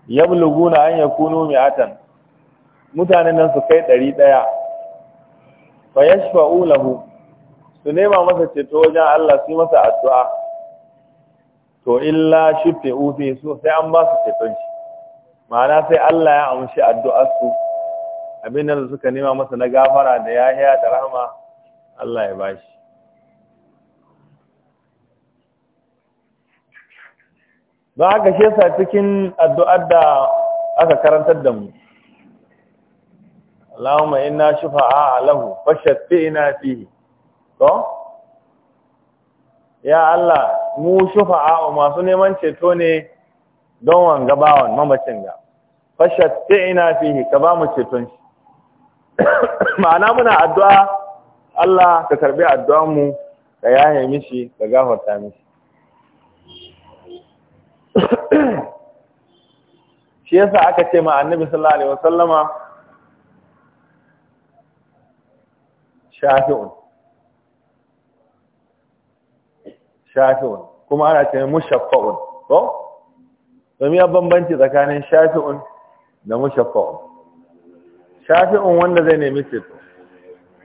yabluguna an yakunu mi'atan mutanen nan su kai ɗari ɗaya fa yashfa'u lahu su nema masa ceto wajen Allah su yi masa addu'a to illa shifte ufi su sai an ba su ceton shi ma'ana sai Allah ya amshi addu'ar su abin da suka nema masa na gafara da haya da rahama Allah ya bashi Ba haka shi yasa cikin addu'ar da aka karantar da mu Allahumma inna shufa'a lahu fashatti'na fihi to ya Allah mu shufa'a masu neman ceto ne don wanga bawan mamacin ga fashatti'na fihi ka ba mu ceton shi ma'ana muna addu'a Allah ka karbi addu'anmu ka yaye mishi ka gafarta mishi shi yasa aka ce ma annabi sallallahu alaihi wasallama shafi'un shafi'un kuma ana ce mushaffa'un to domin ya bambanci tsakanin shafi'un da mushaffa'un shafi'un wanda zai nemi ceto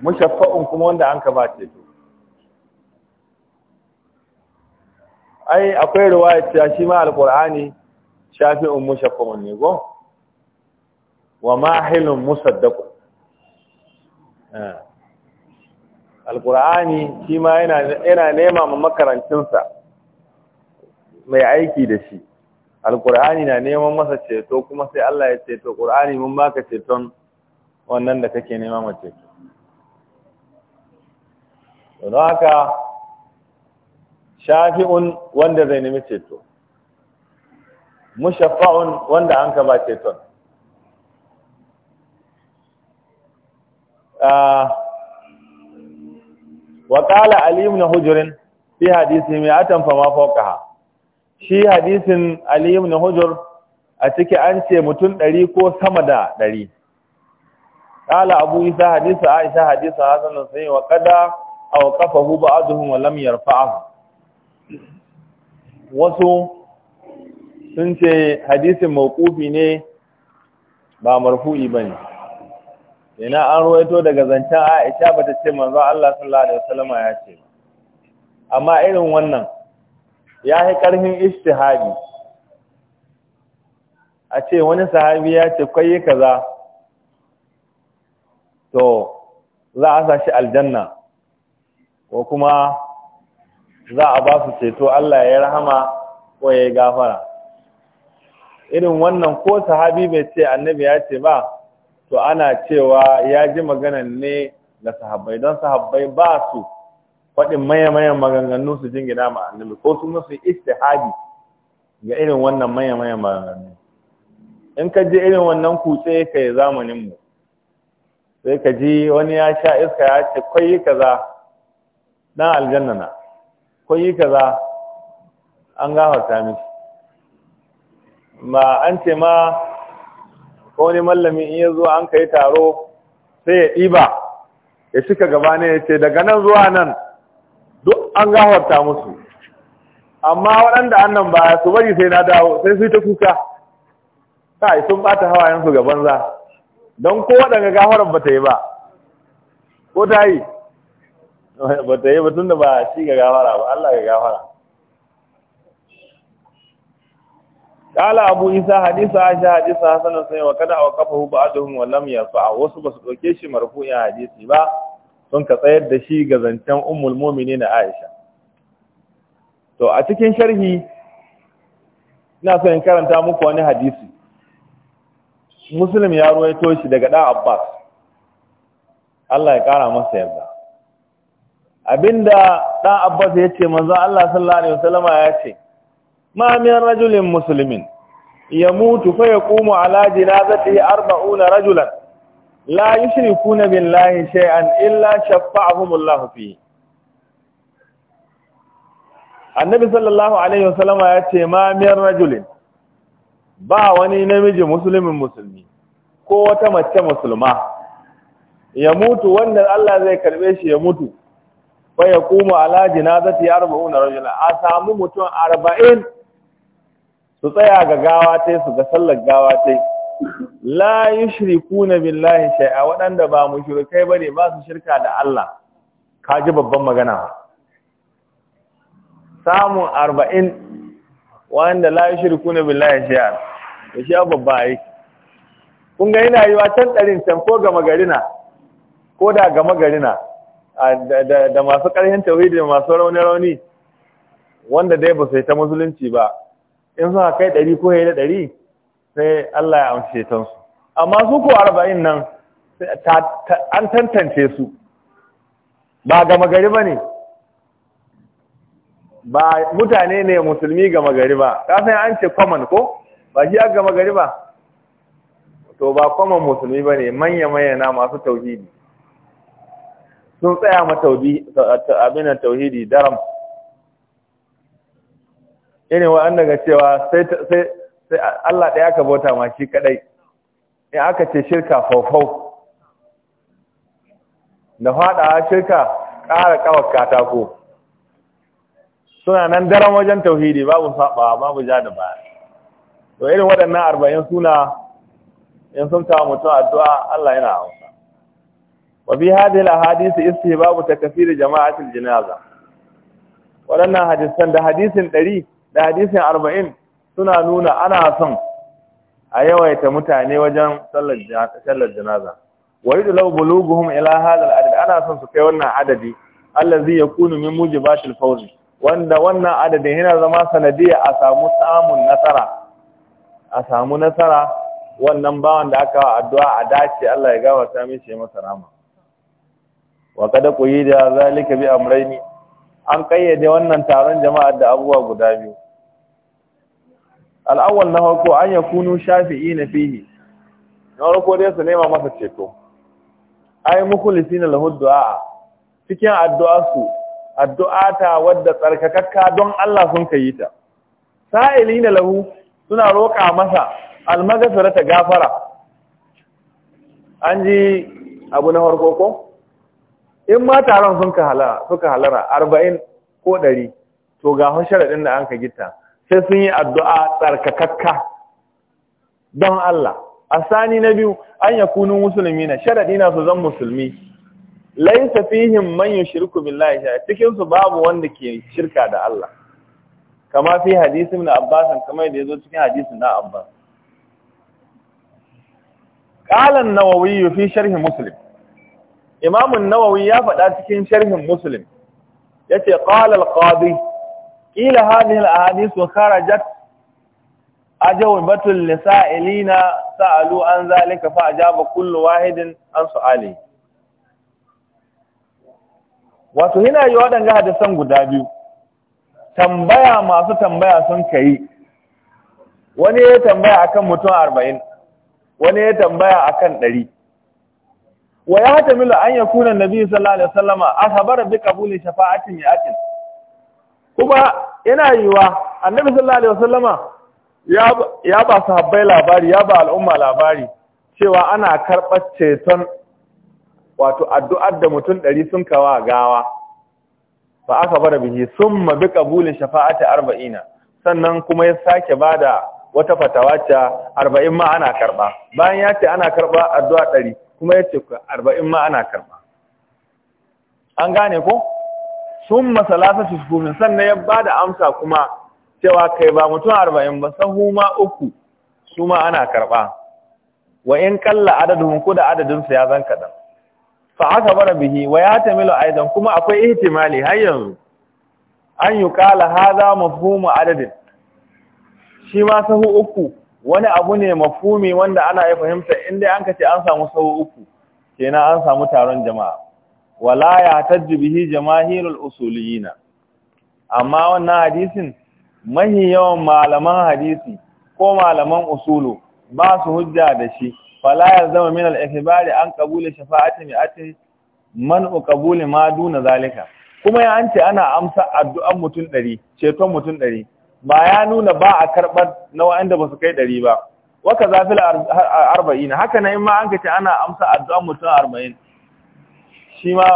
mushaffa'un kuma wanda an ka ba ceto ai akwai riwaya cewa shi ma alqur'ani shafi'un mushaffa'un ne go wa mahilun musaddaq eh. alqur'ani shi ma yana yana nema ma makarancinsa mai aiki da shi alqur'ani na neman masa ceto kuma sai Allah ya ceto qur'ani mun baka ceton wannan da kake nema mace don haka shafi'un wanda zai nemi ceto mushaffa'un wanda an ka ba ceton ah, wa ƙala ali na hujurin fi hadisi mi'atan fa ma fawqaha shi hadisin Aliyu na hujur a ciki an ce mutum ɗari ko sama da ɗari. kala abu isa hadithu aisha hadithu hasan sai wa qada aw qafahu ba'dhum wa lam yarfa'ahu wasu sun ce hadisin mawqufi ne ba marfu'i bane ina an ruwaito daga zancen Aisha bata ce manzo Allah sallallahu alaihi wasallam ya ce amma irin wannan ya yi karfin ishtihadi a ce wani sahabi ya ce kai kaza to za a sa shi aljanna ko kuma za a ba su ceto Allah ya rahama ko ya yi gafara irin wannan ko sahabi bai ce annabi ya ce ba to ana cewa ya ji magana ne ga sahabbai don sahabbai ba su faɗin manya-manyan maganganu su jingina ma annabi ko su musu istihadi ga irin wannan manya-manyan maganganu in ka je irin wannan kutse ka yi zamaninmu sai ka ji wani ya sha iska ya ce kwayi kaza dan aljanna na kwayi kaza an gafarta mishi ba an ce ma wani mallami in ya zo an kai taro sai ya ɗiba ya cika gaba ne ya ce daga nan zuwa nan duk an gafarta musu amma waɗanda annan ba su bari sai na dawo sai su yi ta kuka kai sun ɓata hawayensu gaban za don ko waɗanda gafarar ba ta yi ba ko ta yi [LAUGHS] ba ta yi ba tun da ba shi ga gafara ba Allah ga gafara Kala Abu Isa hadisa Aisha hadisa Hassan sai wa kada wa Kafa kafahu ba'dhum wa lam yarfa wasu ba su dauke shi marfu'in hadisi ba sun ka tsayar da shi ga zancen ummul na Aisha to a cikin sharhi ina so in karanta muku wani hadisi muslim ya ruwaito shi daga ɗan abbas Allah ya ƙara masa yarda abinda ɗan abbas ya ce manzan Allah sallallahu alaihi wasallama ya ce ma min rajulin ya mutu fa yaqumu ala arba'u na rajulan la bin lahi shay'an illa shaffa'ahumullahu fi annabi sallallahu alaihi wasallama ya ce ma min rajulin ba wani namiji musulmin musulmi ko wata mace musulma ya mutu wanda Allah zai karbe shi ya mutu fa ya kuma ala jinazati 40 rajula a samu mutum 40 su tsaya ga gawa tai su ga sallar gawa tai la yushrikuna billahi shay'a waɗanda ba mushrikai bane ba su shirka da Allah kaji babban magana samun arba'in wanda la shirku na billahi shia da shi abu ba yi kun ga yana yiwa can ɗarin can ko gama garina ko da gama garina da masu ƙarfin tauhidi da masu rauni rauni wanda dai ba su ta musulunci ba in suna kai ɗari ko yi ɗari sai Allah ya amshe ta su amma su ko arba'in nan an tantance su ba gama gari ba ne ba mutane ne musulmi ga magari ba ka san an ce common ko ba shi ga gama gari ba to ba common musulmi ba ne manya manya na masu tauhidi sun tsaya ma abin tauhidi daram irin wa'an daga cewa sai Allah ɗaya ka bauta ma shi kadai in aka ce shirka faufau da faɗawa shirka ƙara ƙawar katako suna nan daren wajen tauhidi babu saba babu ja da baya to irin waɗannan arba'in suna in sun kawo mutum addu'a Allah yana amsa wa bi hadhihi al-ahadith istihbabu takfir jama'at al-janaza waɗannan hadisan da hadisin ɗari da hadisin arba'in suna nuna ana son a yawaita mutane wajen sallar janaza wa yudlau buluguhum ila hadha al-adad ana son su kai wannan adadi allazi yakunu min mujibatil fawzi wanda wannan adadin yana zama sanadiyya a samu samun nasara a samu nasara wannan bawan da aka addu'a a dace Allah ya gafarta mishi masa rama wa kada ku yi da zalika bi amraini an kayyade wannan taron jama'a da abubuwa guda biyu al'awwal na farko an ya yakunu na fihi na farko dai su nema masa ceto ai na lahu du'a cikin addu'a su addu'a ta wadda tsarkakakka don Allah sun kai ta sa'ilina lahu suna roƙa masa ta gafara an ji abu na farko ko in ma taron sun suka halara 40 ko ɗari, to ga sharaɗin da an ka gita sai sun yi addu'a tsarkakakka don Allah A Sani na biyu an Musulmi na sharaɗi na su zan musulmi laisa fihim man yushriku billahi cikin su babu wanda ke shirka da Allah kama fi hadisi ibn Abbas kama da yazo cikin hadisin da Abbas qala an-nawawi fi sharh muslim imam an-nawawi ya faɗa cikin sharhin muslim yace qala al-qadi ila hadhihi al-ahadith wa kharajat batul lisa'ilina sa'alu an zalika fa ajaba kullu wahidin an su'ali wato yana yi waɗanda hadisan guda biyu tambaya masu tambaya sun kai wani ya tambaya akan mutum arba'in wani ya tambaya akan ɗari wa ya hata mila an ya kuna na biyu sallallahu alaihi wasallama a habara bi kabulin shafa'atin ya atin kuma yana yiwa annabi sallallahu alaihi ya ba su habbai labari ya ba al'umma labari cewa ana karɓar ceton wato addu'ar da mutum ɗari sun kawa gawa ba aka bar bihi summa bi ƙabulin shafa'ati arba'ina sannan kuma ya sake bada wata fatawa ta arba'in ma ana karɓa, bayan ya ce ana karɓa addu'a ɗari kuma ya ce arba'in ma ana karɓa. an gane ko sun summa salasatu sufufin sannan ya bada amsa kuma cewa kai ba mutum arba'in ba san huma uku su ma ana karɓa, wa in kalla adadin ku da adadin su ya zan kaɗan. fa aka bara bihi wa ya ta milo aidan kuma akwai ihtimali har yanzu an yi kala haza mafhumu adadin shi ma sahu uku wani abu ne mafhumi wanda ana ya fahimta inda an kace an samu sahu uku kenan an samu taron jama'a wala ya tajju bihi jamaahirul usuliyina amma wannan hadisin mahi yawan malaman hadisi ko malaman usulu ba su hujja da shi fala zama min al-ikbari an qabuli shafa'ati mi'ati man qabuli ma duna zalika kuma ya an ce ana amsa addu'an mutum ɗari, ceton mutum ɗari, ba ya nuna ba a karɓar na wa'anda ba su kai ɗari ba, waka zafil arba'in, haka na yi ma an ka ce ana amsa addu'an mutum arba'in, shi ma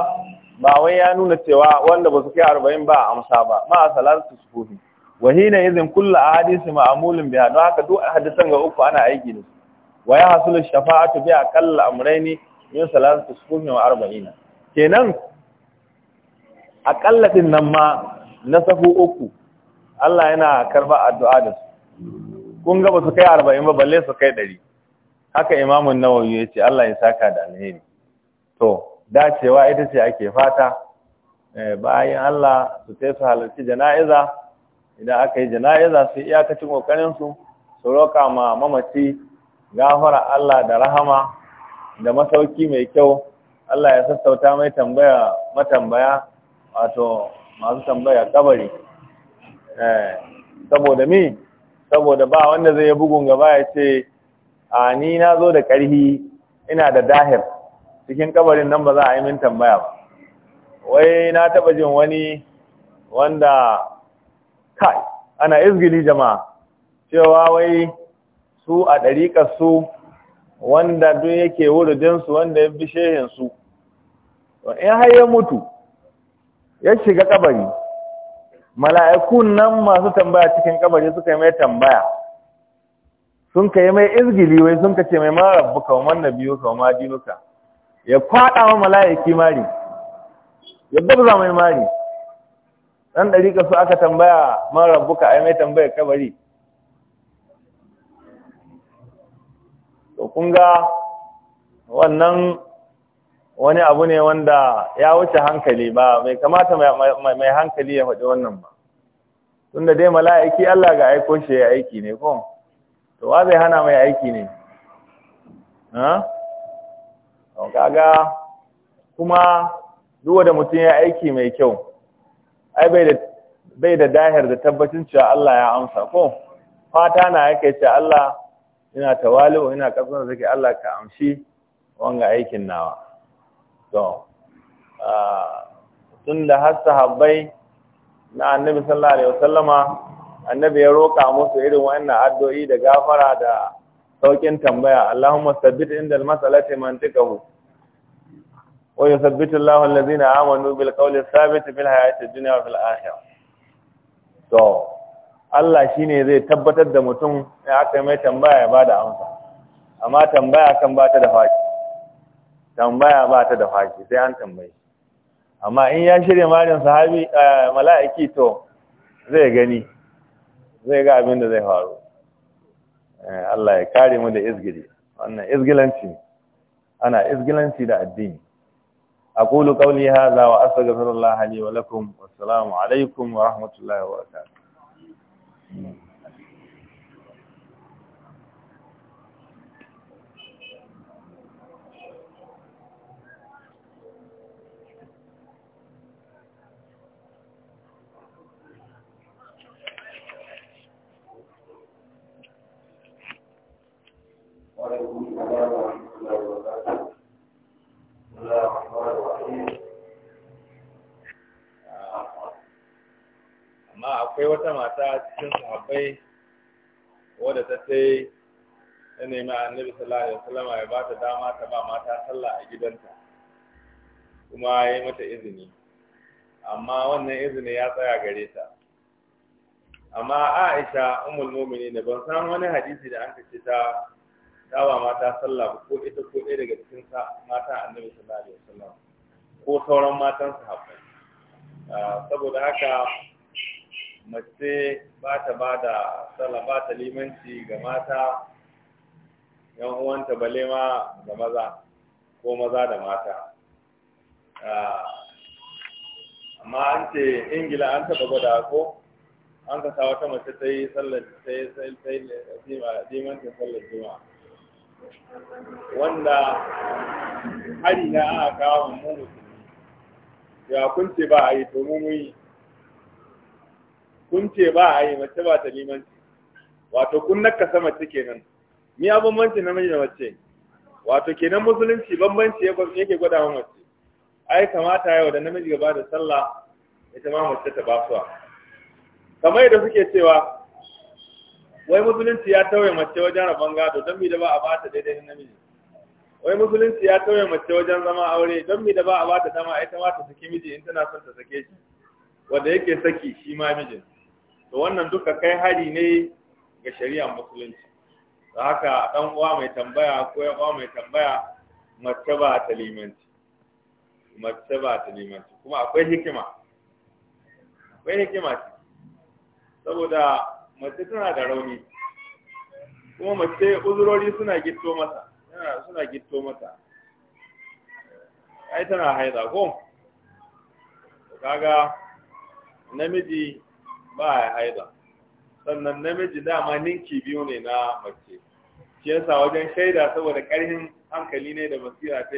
ba wai ya nuna cewa wanda ba su kai arba'in ba a amsa ba, ma a salatu su kofi. Wahina izin kulla a hadisi ma'amulin biya, don haka duk hadisan ga uku ana aiki da wa ya hasulu shafa'atu bi aqalla amrayni min salatu subuhi wa arba'ina kenan aqalla din nan ma na safu uku Allah yana karba addu'a da su kun ga ba su kai 40 ba balle su kai 100 haka Imam Nawawi ya ce Allah ya saka da alheri to dacewa ita ce ake fata eh, bayan Allah su tai su halarci jana'iza idan aka yi jana'iza sai iyakacin kokarin su su roka ma mamaci gafara Allah da rahama da masauki mai kyau Allah ya sassauta mai tambaya matambaya wato masu tambaya kabari eh, saboda mi saboda ba wanda zai bugun gaba ya ce a ni na zo da ƙarhi ina da dahir cikin kabarin nan ba za a yi min tambaya ba wai na taɓa jin wani wanda kai ana izgili jama'a cewa wai su a ɗariƙar su wanda duk yake wurudinsu wanda ya su. shehinsu in har ya mutu ya shiga kabari mala'ikun nan masu tambaya cikin kabari suka yi mai tambaya sun ka yi mai izgili wai sun ka ce mai marabba kawman na biyu kawma dinuka ya kwaɗa wa mala'iki mari ya gabza mai mari ɗan ɗari su aka tambaya marabbuka a yi mai tambayar kabari Kunga wannan wani abu ne wanda ya wuce hankali ba bai kamata mai hankali ya faɗi wannan ba tunda dai mala'iki Allah ga aiko shi ya aiki ne ko to wa zai hana mai aiki ne ha kaga kuma duk da mutum ya aiki mai kyau ai bai da bai da dahir da tabbacin cewa Allah ya amsa ko fata na yake cewa Allah ina tawali'u ina kasar da suke Allah ka amshi wanga aikin nawa to tun da har sahabbai na annabi sallallahu alaihi wasallama annabi ya roka musu irin wannan addu'o'i da gafara da saukin tambaya Allahumma sabbit inda al-mas'alati mantiqahu wa yuthabbit Allahu alladhina amanu bil qawli thabit fil hayati ad-dunya wa fil akhirah to Allah shi ne zai tabbatar da mutum ya aka mai tambaya ya ba da amsa amma tambaya kan ba ta da faki tambaya ba ta da faki sai an tambaye amma in ya shirya marin sahabi eh, mala'iki to zai gani zai ga abin da zai faru eh, Allah ya kare mu da izgiri wannan izgilanci ana izgilanci da addini aqulu qawli hadha wa astaghfirullaha li wa lakum wassalamu alaikum wa rahmatullahi wa akwai wata mata cikin sahabbai wadda ta sai ta nemi annabi sallallahu alaihi wasallam ya ba ta dama ta ba mata sallah a gidanta kuma ya yi mata izini amma wannan izini ya tsaya gare ta amma Aisha ummul mu'minin da ban san wani hadisi da an kace ta ta ba mata sallah ko ita ko ɗaya daga cikin mata annabi sallallahu alaihi wasallam ko sauran matan sahabbai ah, saboda haka mace ba ta ba da sallah ba ta limanci ga mata yan uwanta bale ma ga maza ko maza da mata ah, amma an ce ingila an taɓa gwada ko an ka wata mace ta yi sallar ta yi limancin sallar juma'a wanda hari na aka kawo mu ya kunce ba a yi to mu kun ce ba a yi mace ba ta limanci wato kun nakasa mace kenan ni a banci namiji da mace wato kenan musulunci bambanci yake gwada wa mace ai kamata yau da namiji gaba da sallah ita ma mace ta basuwa kamar yadda suke cewa wai musulunci ya tauye mace wajen rabon gado don mi da ba a ba ta daidai namiji wai musulunci ya tauye mace wajen zama aure don mi da ba a ta dama ita ma ta saki miji in tana son ta sake shi wanda yake saki shi ma mijin to wannan duka kai hari ne ga shari'ar musulunci da haka dan uwa mai tambaya ko ya uwa mai tambaya mace ba ta limanci mace ba ta limanci kuma akwai hikima akwai hikima ce saboda mace tana da rauni kuma mace uzurori suna gitto mata suna gitto mata ai tana haida ko kaga namiji ba ya haida sannan namiji dama ninki biyu ne na mace shi yasa wajen shaida saboda ƙarfin hankali ne da basira ta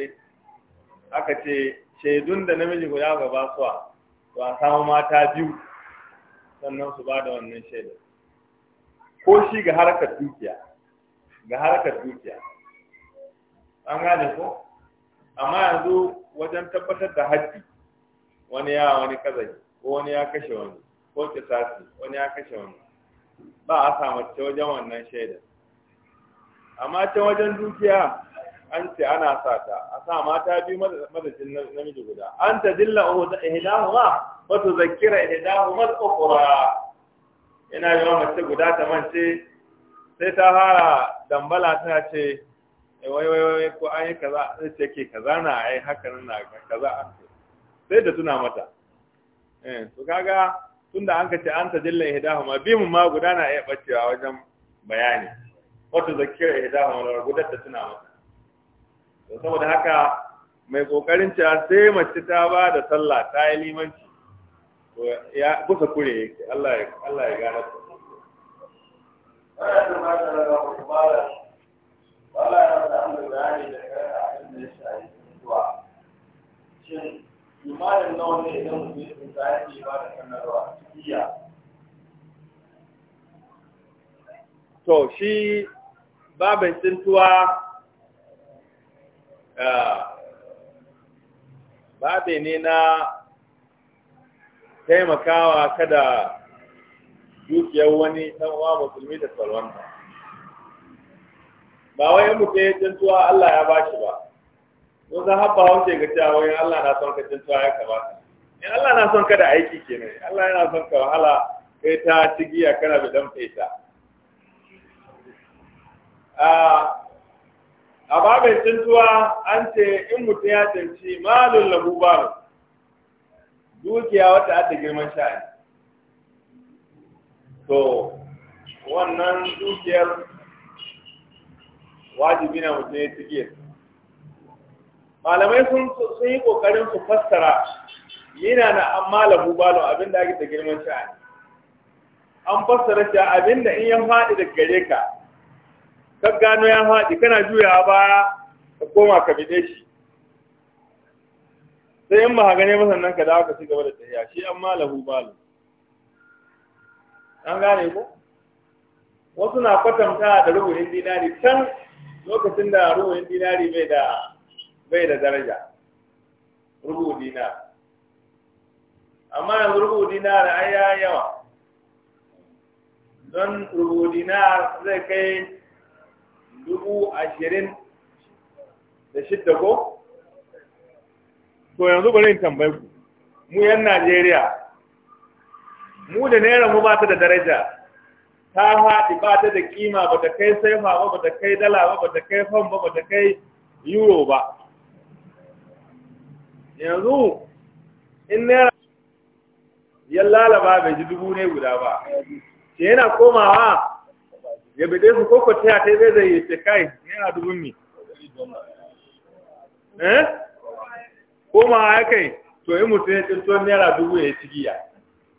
aka ce shaidun da namiji guda gaba suwa to a samu mata biyu sannan su ba da wannan shaida. ko shi ga harkar dukiya ga harkar dukiya an gane ko amma yanzu wajen tabbatar da haddi wani ya wani kazai ko wani ya kashe wani ko sasi wani ya kashe wani ba a samu ta wajen wannan shaida amma ta wajen dukiya an ce ana sa ta a sa mata biyu madadin namiji guda an ta dilla da ihdahuma wa tuzakkira ma al-ukhra ina yi wa mace guda ta mance sai ta fara dambala ta ce eh, wai wai wai ko an yi kaza an ce ke kaza na ai haka nan na kaza an sai da tuna mata eh to kaga tunda an kace an tajalla bi bimun ma guda na iya bacewa wajen bayani wato zakira ihdahu ma guda ta tuna masa to saboda haka mai kokarin cewa sai mace ta ba da sallah ta yi limanci to ya busa kure yake Allah ya Allah ya gane ta you. imanin na wanda idan mutum ya tsinta ya ke ba da sanarwa iya to shi babin tsintuwa eh, babe ne na taimakawa kada dukiyar wani ɗan uwa musulmi da salwanta ba wai mutum ya tsintuwa Allah ya bashi ba mun san haɓa wace ga cewa wani Allah na son ka cin ya kamata in Allah na son ka da aiki kenan Allah yana son ka wahala kai ta cigiya kana bi dan fesa a babin cintuwa an ce in mutum ya tanci malun lahu babu dukiya wata ata girman sha'ani to wannan dukiyar wajibi na mutum ya cigiyar malamai sun yi kokarin su fassara yana na amma lahu balo da ake da girman sha'ani an fassara shi da in ya faɗi da gare ka ka gano ya faɗi kana juyawa baya ka koma ka bide shi sai in ba ka gane ba sannan ka dawo ka ci gaba da tafiya shi amma lahu balo an gane ko wasu na kwatanta da rubuhin dinari can lokacin da rubuhin dinari bai da bai da daraja rubu dinar amma yanzu rubu da ai ya yawa don rubu dinar zai kai dubu ashirin da shidda ko to yanzu bari in tambayi ku mu yan najeriya mu da naira mu ba ta da daraja ta haɗi ba ta da kima ba ta kai saifa ba ba ta kai dala ba ba ta kai fam ba ba ta kai euro ba yanzu in naira ya lalaba bai ji dubu ne guda ba ce yana komawa ya bude su koko ta yata zai zai yace kai yana dubun mi eh komawa ya kai to yi mutum ya tsinto naira dubu ya ciki ya.